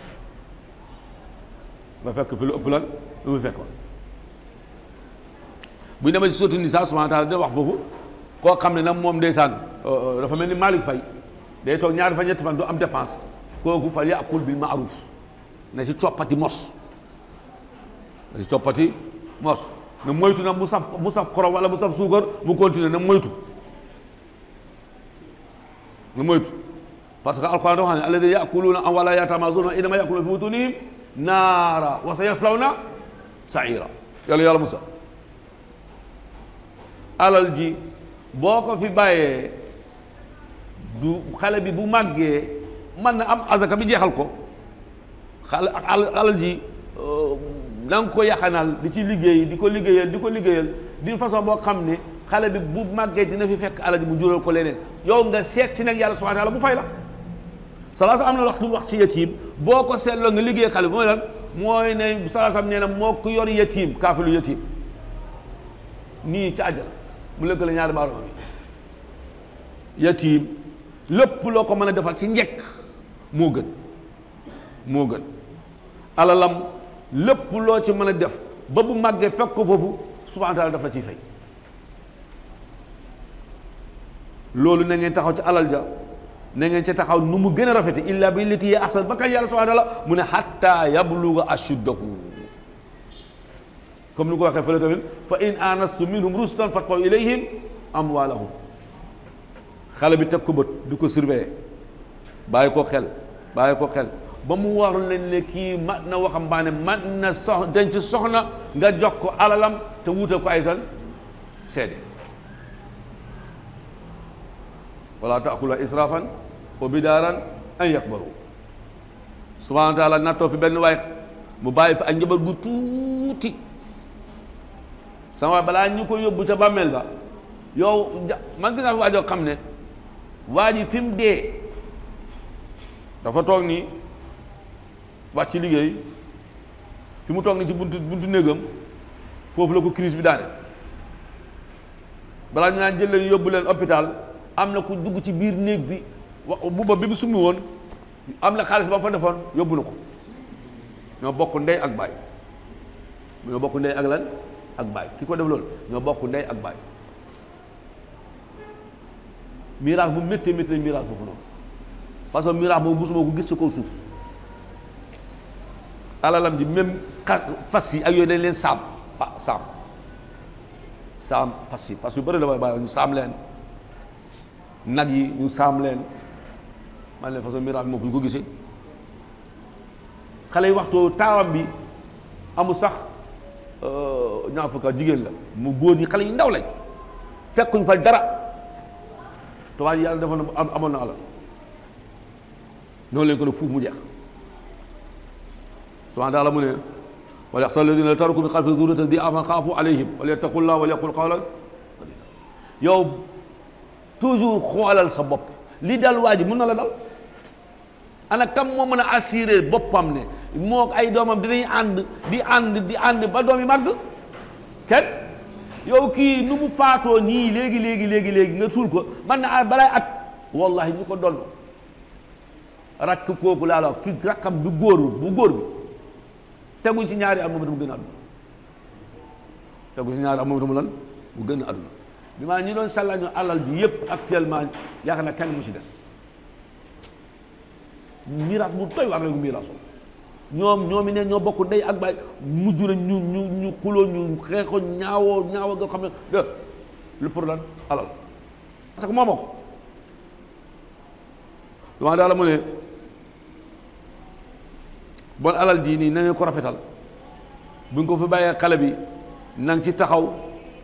ba fekk fi lu ëpp lan lu mu fekkoon bu ñu demee ci sotti nisaa subhaana taala dina wax foofu koo xam ne nag moom ndeysaan euh, euh, dafa mel ni Malick fay day toog ñaari fa ñetti fan du am dépense kooku fa yàqul bil ma'ruf na si coppati mos na ci coppati mos na mu saf mu saf wala mu saf suukar mu continuer na moytu na moytu parce que alxuraan dafa xam ne alladina yàquluuna am wala yatamasuuna inama yàquluuna fi butunihim naara wa sa yaslawna saira yàlla yàlla musa alal ji boo ko fi bàyyee du xale bi bu màggee mën na am azaka bi jeexal ko xale ak alal ji euh, na nga ko yaxanal di ci liggéey di ko liggéeyal di ko liggéeyal d'une façon boo xam ne xale bi bu màggee dina fi fekk alal ji mu jural ko leneen yow nga seet si nag yàlla su wa taala bu fay la salaasa am na wax lu wax ci yatiim boo ko seetloo nga liggéey xale mooy lan mooy ne salaasam nee moo ku yor yatiim kaafilu yatiim nii ca àjjana mu lëkkale ñaari baaraam yi yatiim lépp loo ko mën a defal ci njëkk moo gën moo gën alalam lépp loo ci mën a def ba bu màggee fekk ko foofu subhaanahu wa taala daf la ciy fay loolu na ngeen taxaw ci alal ja na ngeen ca taxaw nu mu gën a rafete illa bi liti yi ahsan ba kañ yàlla subhana taala mu ne xatta yabluga ashuddahu comme ni ko waxee fële tamit fa in anastu minhum rustan fatfaw ilayhim amwalahum xale bi teg ko bët du ko surveiller bàyyi ko xel bàyyi ko xel ba mu war leen ne kii mat na waxambaane ma na sox denc soxna nga jox ko alalam te wuutal ko ay san seede wala taakula israfan wa bidaaran an yakbaru subhaana wa taala nattoo fi benn waay mu bàyyi fi ak njaboot gu tuuti sama waay balaa ñu ko yóbbu ca bàmmeel ba yow man gis naa fi waajoo xam ne waa yi fi mu dee dafa toog nii wàcc ci liggéey fi mu toog nii ci buntu buntu néegam foofu la ko crise bi daane balaa ñu naan jël yóbbu leen hôpital am na ku dugg ci biir néeg bi wax mbubbam bi mu summi woon am na xaalis ba mu fa defoon yóbbu na ko ñoo bokk ndey ak baay ñoo bokk ndey ak lan ak baay ki ko def loolu ñoo bokk ndey ak baay miraas bu méttee méttee miraas foofu noonu parce que miraas boobu musuma ko gis ci kaw suuf alalam ji même fas yi ak yooyu dañ leen saam saam fas yi fas yu bëri la may bàyyi ñu saam leen nag yi ñu saam leen man leen façon miracle moom fu ñu ko gisee xale yi waxtu taawam bi amul sax euh, ñaar fukk jigéen la mu góor ñi xale yi ndaw lañ fekkuñ fa dara te waaye yàlla defoon na amoon na alal noonu lañ ko ne fuuf mu jeex subhaana taala mu ne wala yaxsa alladina taraku min xalfi zurriyatan di afan xaafu alayhim wala yattaqullah wala yaqul qawlan yow toujours xoolal sa bopp li dal waa ji mun na la dal ana kam moo mën a assurer boppam ne moo ay doomam dinañ ànd di ànd di ànd ba doom yi màgg kenn yow kii nu mu faatoo nii léegi léegi léegi léegi nga suul ko man na balay at wallahi ñu ko doll rakk kooku laa la ki rakkam bu góor bu góor bi teguñ ci ñaari at moom itam gën a àdduna teguñ ci ñaari at moom itam lan mu gën a àdduna bi maa ñu doon sàllañu alal bi yépp actuellement yaakaar na kenn mu ci des miraas bu doy waar la ñu miraasoo ñoom ñoom ne ñoo bokk ndey ak baay mujj ñu ñu ñu xuloo ñu xeexoo ñaawoo ñaawoo nga xam ne de lu pour lan alal parce que moo moo ko dama daal mu ne bon alal ji nii nañu ko rafetal bu ñu ko fi bàyyee xale bi nang ci taxaw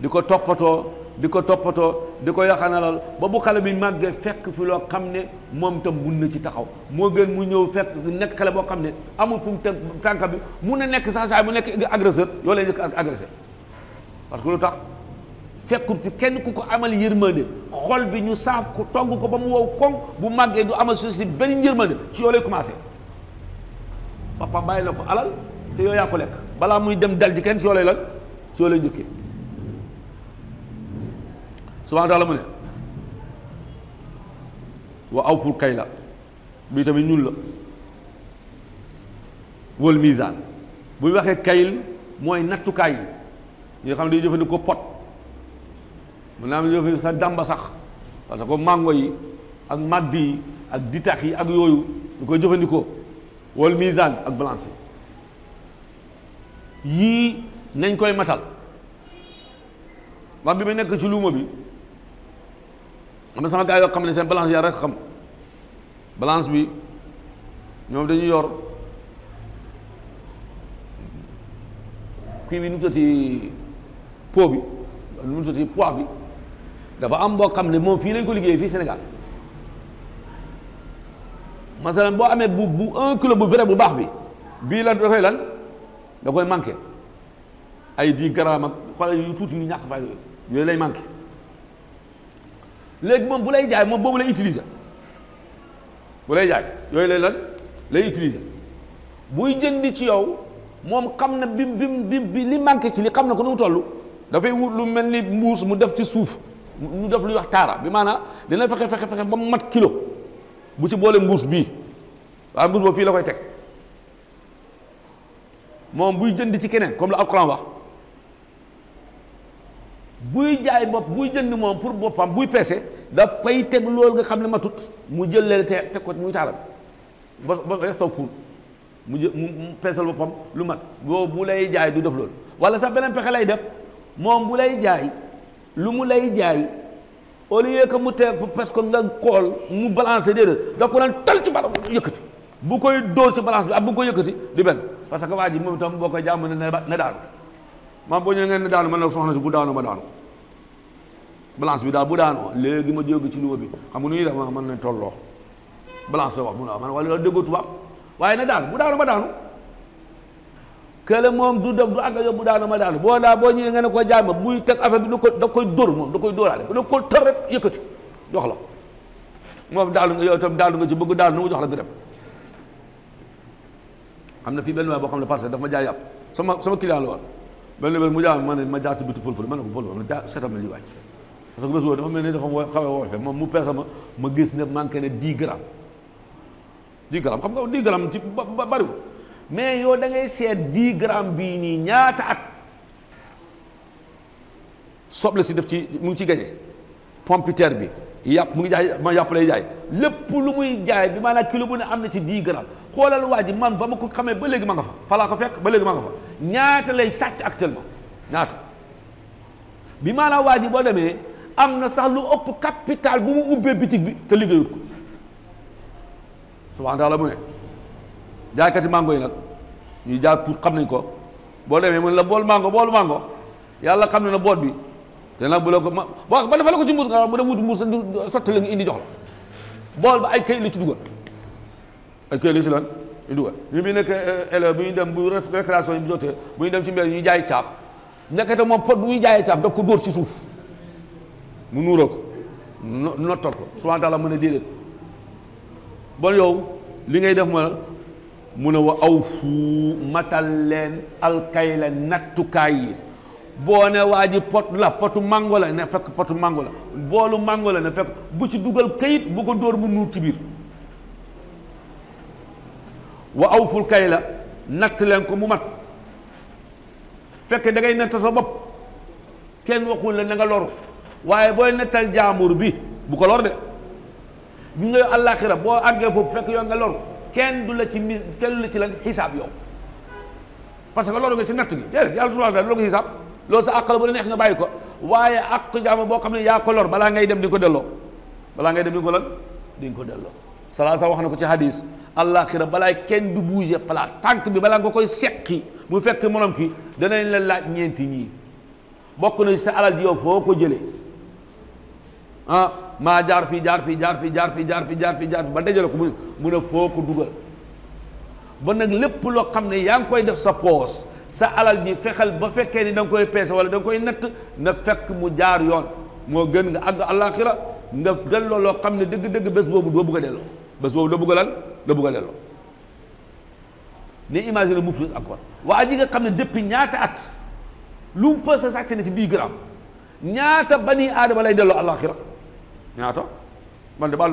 di ko toppatoo di ko toppatoo di ko yaxanalal ba bu xale bi màggee fekk fi loo xam ne moom itam mun na ci taxaw moo gën mu ñëw fekk nekk xale boo xam ne amul fu mu tànka bi mu na nekk saa saa mu nekk agresseur yoo lay nekk agressé parce que lu tax fekkut fi kenn ku ko amal yërmande xol bi ñu saaf ko togg ko ba mu wow koŋ bu màggee du amal société benn yërmande ci yoo lay commencé papa bàyyi la ko alal te yooyu yaa lekk balaa muy dem dal ci kenn ci yoo lay lan ci yoo lay subhaana taala mu ne wa kay kayla bi tamit ñun la wol misaan bu ñu waxee kayil mooy nattukaay yi nga xam ne dañuy jëfandikoo pot mën naa am jëfandikoo dàmba sax parce que mango yi ak màdd yi ak ditax yi ak yooyu ñu koy jëfandikoo wal misaan ak balance yii nañ koy matal wax bi ma nekk ci luuma bi am na sama gars yoo xam ne seen balance yaa rek xam balance bi ñoom dañu yor kii bi nu mu soti pot bi nu mu soti bi dafa am boo xam ne moom fii lañ ko liggéeyee fii Sénégal masalan boo amee bu bu un kilo bu vrai bu baax bi bii la da koy lan da koy manqué ay dix grammes ak xoolal yu tuuti yu ñàkk fay yooyu lay manqué léegi moom bu lay jaay moom boobu lay utiliser bu lay jaay yooyu lay lan lay utiliser buy jënd ci yow moom xam na bi bi bi li manqué ci li xam na ko nu mu toll dafay wut lu mel ni mbuus mu def ci suuf mu def lu wax taara bi maanaam dina fexe fexe fexe ba mu mat kilo bu ci boole mbuus bii waaye mbuus boobu fii la koy teg moom buy jënd ci keneen comme la alquran wax. buy jaay bopp buy jënd moom pour boppam buy peese daf koy teg loolu nga xam ne matut mu jël leen te teg ko muy taalam ba ba ba saw puun mu jë mu peesal boppam lu mat boo bu lay jaay du def loolu wala sax beneen pexe lay def moom bu lay jaay lu mu lay jaay au lieu que mu teg parce que nga xool mu balancé déedéet da ko naan tal ci balam yëkkati bu koy dóor ci balance bi ak bu koy yëkkati di benn parce que waa ji moom itam boo koy jàmm ne na daal maam boo ñëwee ngeen ne daanu ma ne la soxna si bu daanu ma daanu balance bi daal bu daanoo léegi ma jóge ci luuma bi xam nga nu ma mën nañ tolloo balance la wax mu ne man wala loolu déggoo tubaab waaye na daanu bu daanu ma daanu kële moom du dem du àgg yow bu daanu ma daanu boo daa boo ñëwee ngeen ne ko jaay ma buy teg affaire bi du ko da koy moom da koy dóoraale bu da ko tër rek yëkkati la moom daalu nga yow itam daalu nga ci bëgg daal nu mu jox la nga na fii benn waay boo xam ne parce que dafa ma jaay yàpp sama sama client la benn bés mu jaaxal ma ne ma jaar ci bitu pël fële ma ne ko pël ma jaa seetal ma lii parce que bés boobu dafa mel ni dafa xaw a woyofe moom mu peese ma ma gis ne manqué ne 10 grammes 10 grammes xam nga 10 grammes ba bariwul mais yow da ngay seet 10 grammes bii nii ñaata at soble si def ci mu ngi ci gañee pompiteer bi yàpp mu ngi jaay ma yàpp lay jaay lépp lu muy jaay bi maanaam kilo bu ne am na ci 10 grammes xoolal waa ji man ba ma ko xamee ba léegi ma nga fa falaa ko fekk ba léegi ma fa ñaata lay sàcc actuellement ñaata bi maanaam waa ji boo demee am na sax lu ëpp capital bu mu ubbee bitig bi te liggéeyut ko subhaana taala mu ne jaaykati mango yi nag ñuy jaar pour xam nañ ko boo demee mu ne la bool mango boolu mango yàlla xam ne na boot bi te nag bu la ko ma boo ba dafa la ko ci mbuus nga mu dem wut mbuus sotti la nga indi jox la bool ba ay kayit la ci dugal ak kër yi si lan ñu dugal nekk élève bu ñu dem bu récréation yi bu jotee bu ñu dem ci mbir ñu jaay caaf nekkete moom pot bu muy jaayee caaf daf ko dóor ci suuf mu nuuroo ko nottal ko subhaana taala mën a déedéet bon yow li ngay def ma mun a wa aw fuu matal boo ne waa ji pot la potu mango la ne fekk potu mango la boolu mango la ne fekk bu ci dugal kayit bu ko dóor mu nuur ci wa awful la natt leen ko mu mat fekk da ngay natt sa bopp kenn waxul la na nga loru waaye booy nettal jaambur bi bu ko lor de ñu nga àllaaxira boo àggee foofu fekk yow nga loru kenn du la ci mi kenn du la ci lan xisaab yow parce que loolu nga ci natt gi déedéet yàlla subhaanahu wa taala loolu xisaab loolu sa àq la bu la neex nga bàyyi ko waaye àq jaam boo xam ne yaa ko lor balaa ngay dem di nga ko delloo balaa ngay dem di nga ko lan di nga ko delloo salaa sax wax na ko ci hadis àllaaxira balaa kenn du bouger place tànk bi balaa nga koy seqi mu fekk monom ki danañ la laaj ñeenti ñii bokk na sa alal ji yow foo ko jële ah maa jaar fii jaar fii jaar fii jaar fii jaar fii jaar fii jaar fii ba dajale ko mu mu foo ko dugal nag lépp loo xam ne yaa ngi koy def sa sa alal ji fexeel ba fekkee ni da nga koy peese wala da nga koy natt na fekk mu jaar yoon moo gën nga àgg àllaaxira nga delloo loo xam ne dëgg-dëgg bés boobu doo bëgg a delloo bés boobu la bëgg lan la bëgg a lelloo ne imagine muflis encore waa ji nga xam ne depuis ñaata at lu mu pesé sàcc na ci ñaata bani aadama lay delloo àllaaxira ñaata man de baal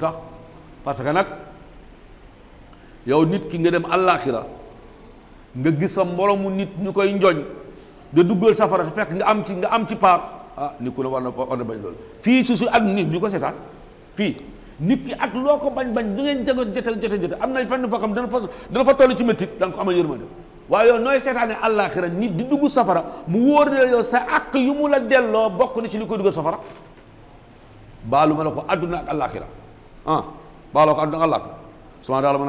tax parce que nag yow nit ki nga dem àllaaxira nga gis sa moromu nit ñu koy njoñ da duggal safara fekk nga am ci nga am ci paar ah ni ku ne war na war na bañ loolu fii su àdduna nit ñu ko seetaan fii nit ki ak loo ko bañ bañ du ngeen jago jote jote jote am na fenn foo xam dana fa dana fa toll ci métti da nga ko amal yërmande waaye yow nooy seetaane àllaaxira nit di dugg safara mu wóor ne yow sa àq yu mu la delloo bokk na ci li koy dugal safara baalu la ko àdduna ak àllaaxira ah baaloo ko àdduna ak àllaaxira suma ma ne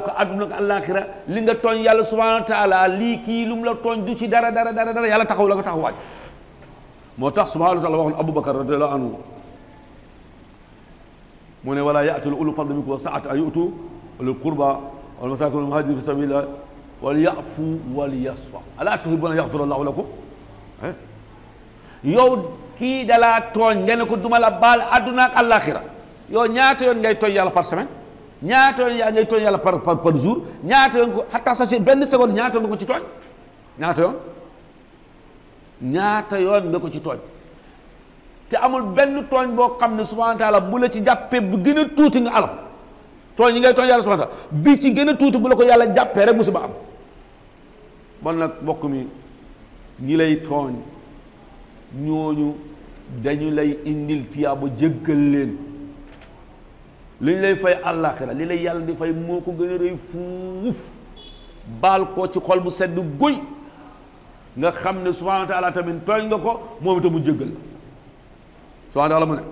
ko àdduna ak àllaaxira li nga tooñ yàlla subhaanahu wa lii kii lu mu la tooñ du ci dara dara dara dara yàlla taxaw la ko taxawaaj moo tax subhaanahu wa taala waxoon aboubacar radiallahu anhu mu ne walaa yaatul ulul fadli minkum wa saat an yutu ulul qurba wal masakin wal muhajirin fi sabilillah wal yafu wal yasfa alaa tuhibbuuna yaxfira allahu lakum eh? yow kii dalaa tooñ nga ko duma la baal àdduna ak àllaaxira yow ñaata yoon ngay tooñ yàlla par semaine ñaata yoon ngay tooñ yàlla par par par jour ñaata yoon ko xataa sa si benn seconde ñaata yoon nga ko ci tooñ ñaata yoon ñaata yoon nga ko ci tooñ te amul benn tooñ boo xam ne subhaana bu la ci jàppee bu gën a tuuti nga alko tooñ yi ngay tooñ yàlla subhaana taala ci gën a tuuti bu la ko yàlla jàppee rek musiba am man nag mbokk mi ñi lay tooñ ñooñu dañu lay indil tiyaaba jéggal leen li ñu lay fay àllaaxira li lay yàlla di fay moo ko gën a rëy fuuf baal ko ci xol bu sedd guy nga xam ne subhaanahu wa taala tamit tooñ nga ko moom itam mu jéggal la subhaanahu wa mu ne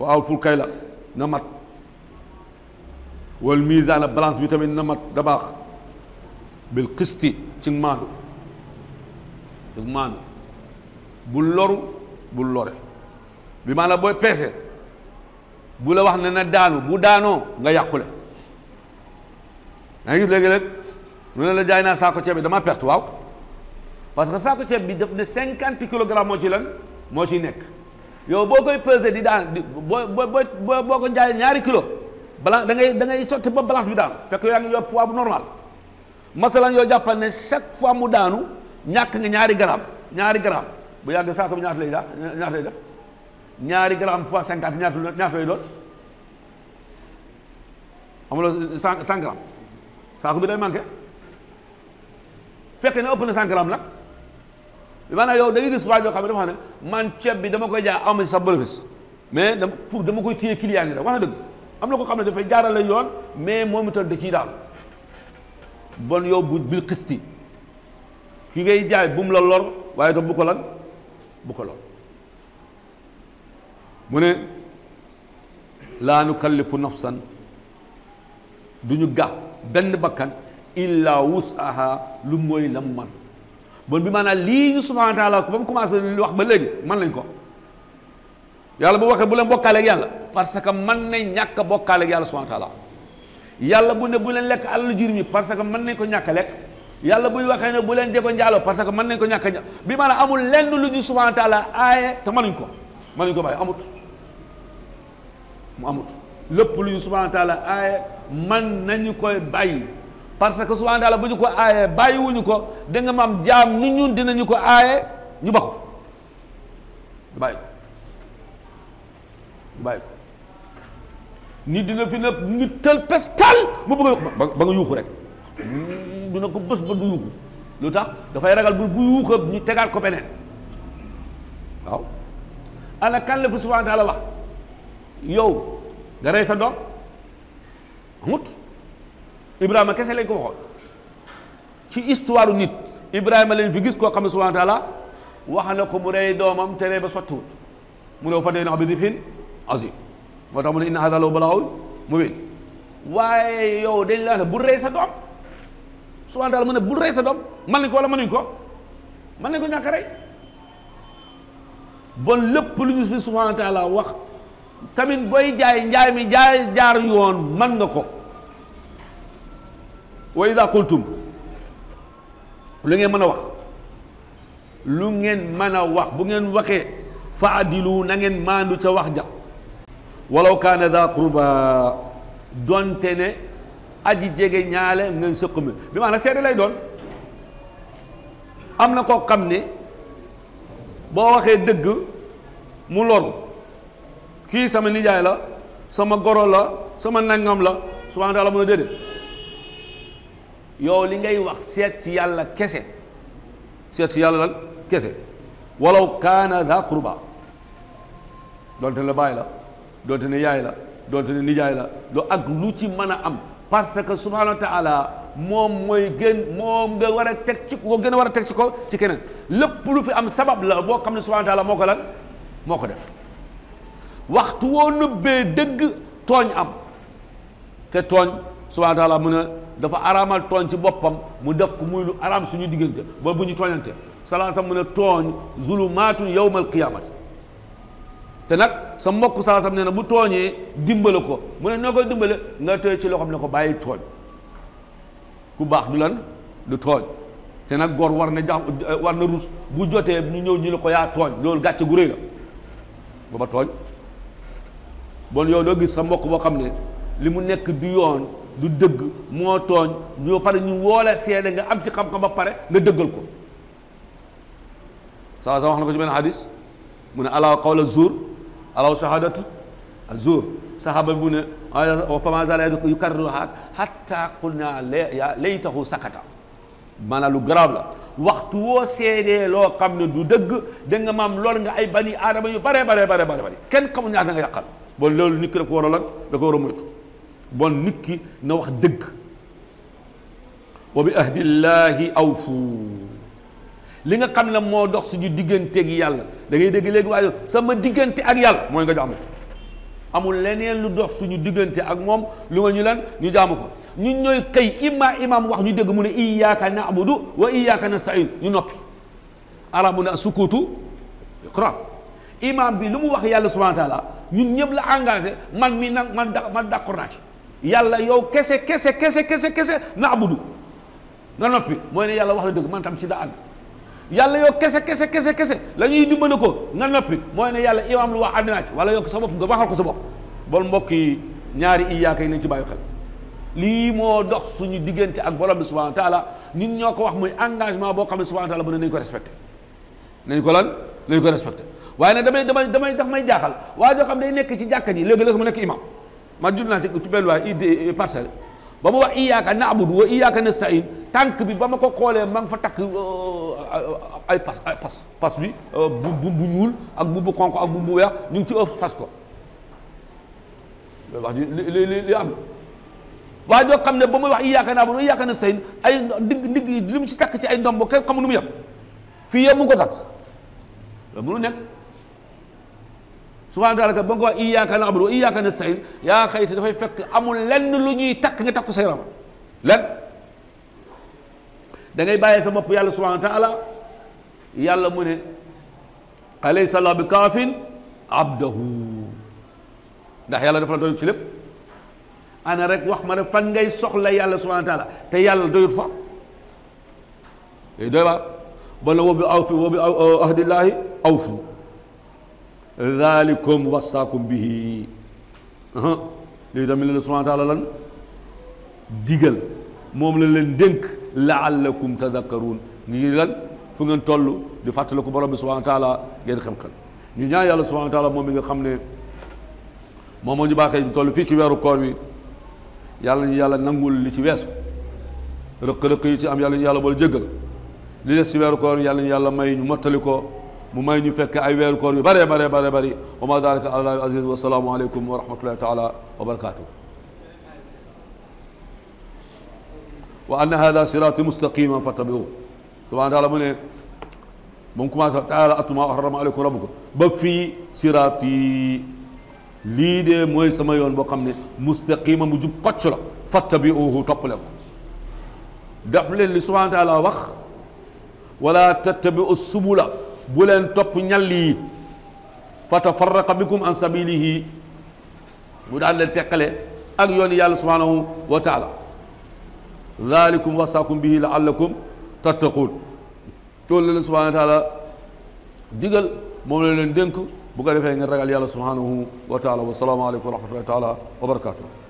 wa awful kayla na mat wal miizaana balance bi tamit na mat da baax bil qisti ci maandu ci maandu bu loru bu lore bi maanaam booy peese bu la wax ne na daanu bu daanoo nga yàqule da nga gis léegi-léeg lu la jaay naa saako ceeb bi damaa perte waaw parce que saako ceeb bi def ne cinquante kilo kilogramme moo ci lan moo ciy nekk yow boo koy peser di daan di boo boo boo ko jaayee ñaari kilo balance da ngay da ngay sotti ba balance bi daanu fekk yaa ngi yor poids bu normal masalan yoo jàppal ne chaque fois mu daanu ñàkk nga ñaari gramme ñaari gramme bu yàgg saako bi ñaata lay daa lay def ñaari gramme fois cinquante ñaata ñaata lay doon amuloo cent cent gramme saako bi day manqué. fekkee ne ëpp na 100 grammes la maanaam yow da ngay gis waa joo xam man ceeb bi dama koy jaay am na sa bénéfice mais dama pour dama koy téye client yi rek wax na dëgg am na ko xam ne dafay jaarale yoon mais moom itam da ciy daal bon yow bu bil xisti ki ngay jaay bu mu la lor waaye itam bu ko mu ne laa nukallifu nafsan du ñu ga benn bakkan illa wusaha lu mooy lam man bon bi maanaam lii ñu subhana wa taala ba mu commencé wax ba léegi man nañ ko yàlla bu waxee bu leen bokkaale yàlla parce que man nañ ñàkk bokkaale yàlla subhana wa yàlla bu ne bu leen lekk alalu jur mi parce que mën nañ ko ñàkk lekk yàlla buy waxee ne bu leen jego njaaloo parce que mën nañ ko ñàkk bi maanaam amul lenn lu ñu subhana wa taala aaye te mënuñ ko mënuñ ko bàyyi amut mu amut lépp lu ñu man nañu koy bàyyi parce que subhaana taala bu ñu ko aayee bàyyiwuñu ko da nga maam jaam ni ñun dinañu ko aaye ñu ba ko ñu bàyyi ko nit dina fi nag nit tël mu bëgg a yuux ba nga yuuxu rek hmm, dina ko bés ba du yuuxu lu tax dafay ragal bu bu yuuxa ñu tegaat ko beneen waaw ana kan la fi subhaana taala yow nga rey sa doom amut Ibrahima kese lañ ko waxoon ci histoire nit Ibrahima lañ fi gis koo xam ne subhaana taala wax na ko mu rey doomam tere ba sottiwut mu ne fa dee na bi di fiin moo tax mu ne inna hada law balaawul mu win waaye yow dañ la bu rey sa doom subhaana taala mu ne bul rey sa doom man nañ ko wala mënuñ ko man nañ ko ñàkk rey bon lépp lu ñu fi subhaana wax tamit booy jaay njaay mi jaay jaar yoon man nga ko wa ida qultum lu ngeen mën a wax lu ngeen mën a wax bu ngeen waxee fa adilu na ngeen maandu ca wax ja walaw kaana da qurba donte ne aji jege ñaale ngeen sëq mi bi maanaam seede lay doon am na koo xam ne boo waxee dëgg mu loru kii sama nijaay la sama goro la sama nangam la subhaana taala mun a déedéet yow li ngay wax seet ci yàlla kese seet ci yàlla lan kese walaw kaana daa qurba doonte ne baay la doonte ne yaay la doonte ne nijaay la lu ak lu ci mën a am parce que subhanahu wa moom mooy gën moom nga war a teg ci ko gën war a teg ci ko ci keneen lépp lu fi am sabab la boo xam ne subhanahu wa moo ko lan moo ko def waxtu woo nëbbee dëgg tooñ am te tooñ subhanahu wa dafa araamal tooñ ci boppam mu def ko muy lu araam suñu diggante ba bu ñu tooñante salaasa mu ne tooñ zulumaatun yawmal qiyaamati te nag sa mbokk salaasam nee na bu tooñee dimbale ko mu ne noo koy dimbale nga tëye ci loxoom ne ko bàyyi tooñ ku baax du lan du tooñ te nag góor war na jax war na rus bu jotee ñu ñëw ñu ne ko yaa tooñ loolu gàcce gu rëy la ba ba tooñ bon yow doo gis sa mbokk boo xam ne li mu nekk du yoon du dëgg moo tooñ ñoo pare ñu la seede nga am ci xam-xam ba pare nga dëggal ko saa sa wax na ko ci benn xadis mu ne alaaw qawla zuur alaaw shahadatu zuur saxaaba bu ne fama zala yukarriruhaa hatta qulna laytahu sakata maanaam lu garaaw la waxtu woo seedee loo xam ne du dëgg da nga maam lool nga ay bani aadama yu bare bare bare bare bare kenn xamul ñaata nga yàqal bon loolu nit ki ko war a lan da ko war a moytu bon nit ki na wax dëgg wa bi ahdillaahi awfu li nga xam ne moo dox suñu diggante yàlla da ngay dégg léegi waaye sama diggante ak yàlla mooy nga jaamu amul leneen lu dox suñu diggante ak moom lu ma ñu lan ñu jaamu ko ñu ñooy kay imma imam wax ñu dégg mu ne iyyaka na'budu wa na nasta'in ñu noppi arabu na sukutu iqra imam bi lu mu wax yàlla subhanahu wa taala ñun ñëpp la engagé man mi nag man da man d'accord naa ci yàlla yow kese kese kese kese kese naabudu nga noppi mooy ne yàlla wax la dëgg man tam ci da àgg yàlla yow kese kese kese kese la ñuy dimbali ko nga noppi mooy ne yàlla imaam lu wax àddinaa ci wala yokk sa bopp nga waxal ko sa bopp bon mbokk yi ñaari iyaaka yi nañ ci bàyyi xel lii moo dox suñu diggante ak borom bi subhanahu wa taala nit ñoo ko wax muy engagement boo xam ne subhanahu wa taala mën nañ ko respecté nañ ko lan nañ ko respecté waaye nag damay damay damay daf may jaaxal waa joo xam day nekk ci jàkka ji léegi-léegi mu nekk imaam man jul naa si ci benn waay id euh, parcelle ba mu wax iyaaka na abudu wa iyaaka na sain tànk bi ba ma ko xoolee ma ngi fa takk euh, euh, ay pas ay pas pas bi bu bu ñuul ak bu bu xonq ak bu bu weex ñu ngi ci ëf fas wax li am waaye doo xam ne ba muy wax iyaaka naa abudu wa iyaaka na sain ay ndigg ndigg li mu ci takk ci ay ndomb kenn xamu nu mu fii yëpp mu ko takk loolu mënu nekk subhaana taala ba nga wax iyyaaka na'budu wa iyyaaka nasta'iin yaa xayti dafay fekk amul lenn lu ñuy takk nga takku sa yaram lenn da ngay sa bopp yàlla subhaana taala yàlla mu ne alaysa yàlla dafa la doyut ci lépp ana rek wax ma ne fan ngay soxla yàlla subhaana taala te yàlla doyut fa doy ba la wa bi awfi wa bi ahdillaahi zalikum wasaakum bihi léegi tamit leen subhaana taala lan digal moom la leen dënk laallakum tadakkaruun ngi lan fu ngeen toll di fàttaliku borom bi subhaana taala ngeen xam-xam ñu ñaar yàlla subhaana taala moom bi nga xam ne moom moo ñu baaxee ñu toll fii ci weeru koor wi yàlla ñu yàlla nangul li ci weesu rëq-rëq yi ci am yàlla ñu yàlla boole jéggal li des ci weeru koor yàlla ñu yàlla may ñu mottali ko mu may ñu fekk ay weeru koor yu bare bare bare bëri wa ma dalika àllah aziz wa salaamu aleykum wa rahmatullahi taala wa barakatuh wa anna hada sirati mustaqiman fattabiu subhana taala mu ne ba mu commencé taala atuma harrama aleykum rabbukum ba fii siraat yi lii de mooy sama yoon boo xam ne mustaqima bu jub xocc la fattabiuhu toppale ko daf leen li subhana taala wax wala tattabiu subula bu topp ñal yi fa tafarraqa bikum an sabilihi mu daal leen teqale ak yoon yàlla subhanahu wa taala dhalikum wasaakum bihi laallakum tattaquun loolu leen subhanahu digal moom la leen dénk bu ko defee ngeen ragal yàlla subhanahu wa taala wa salaamu aleykum wa rahmatullahi taala wa barakatuh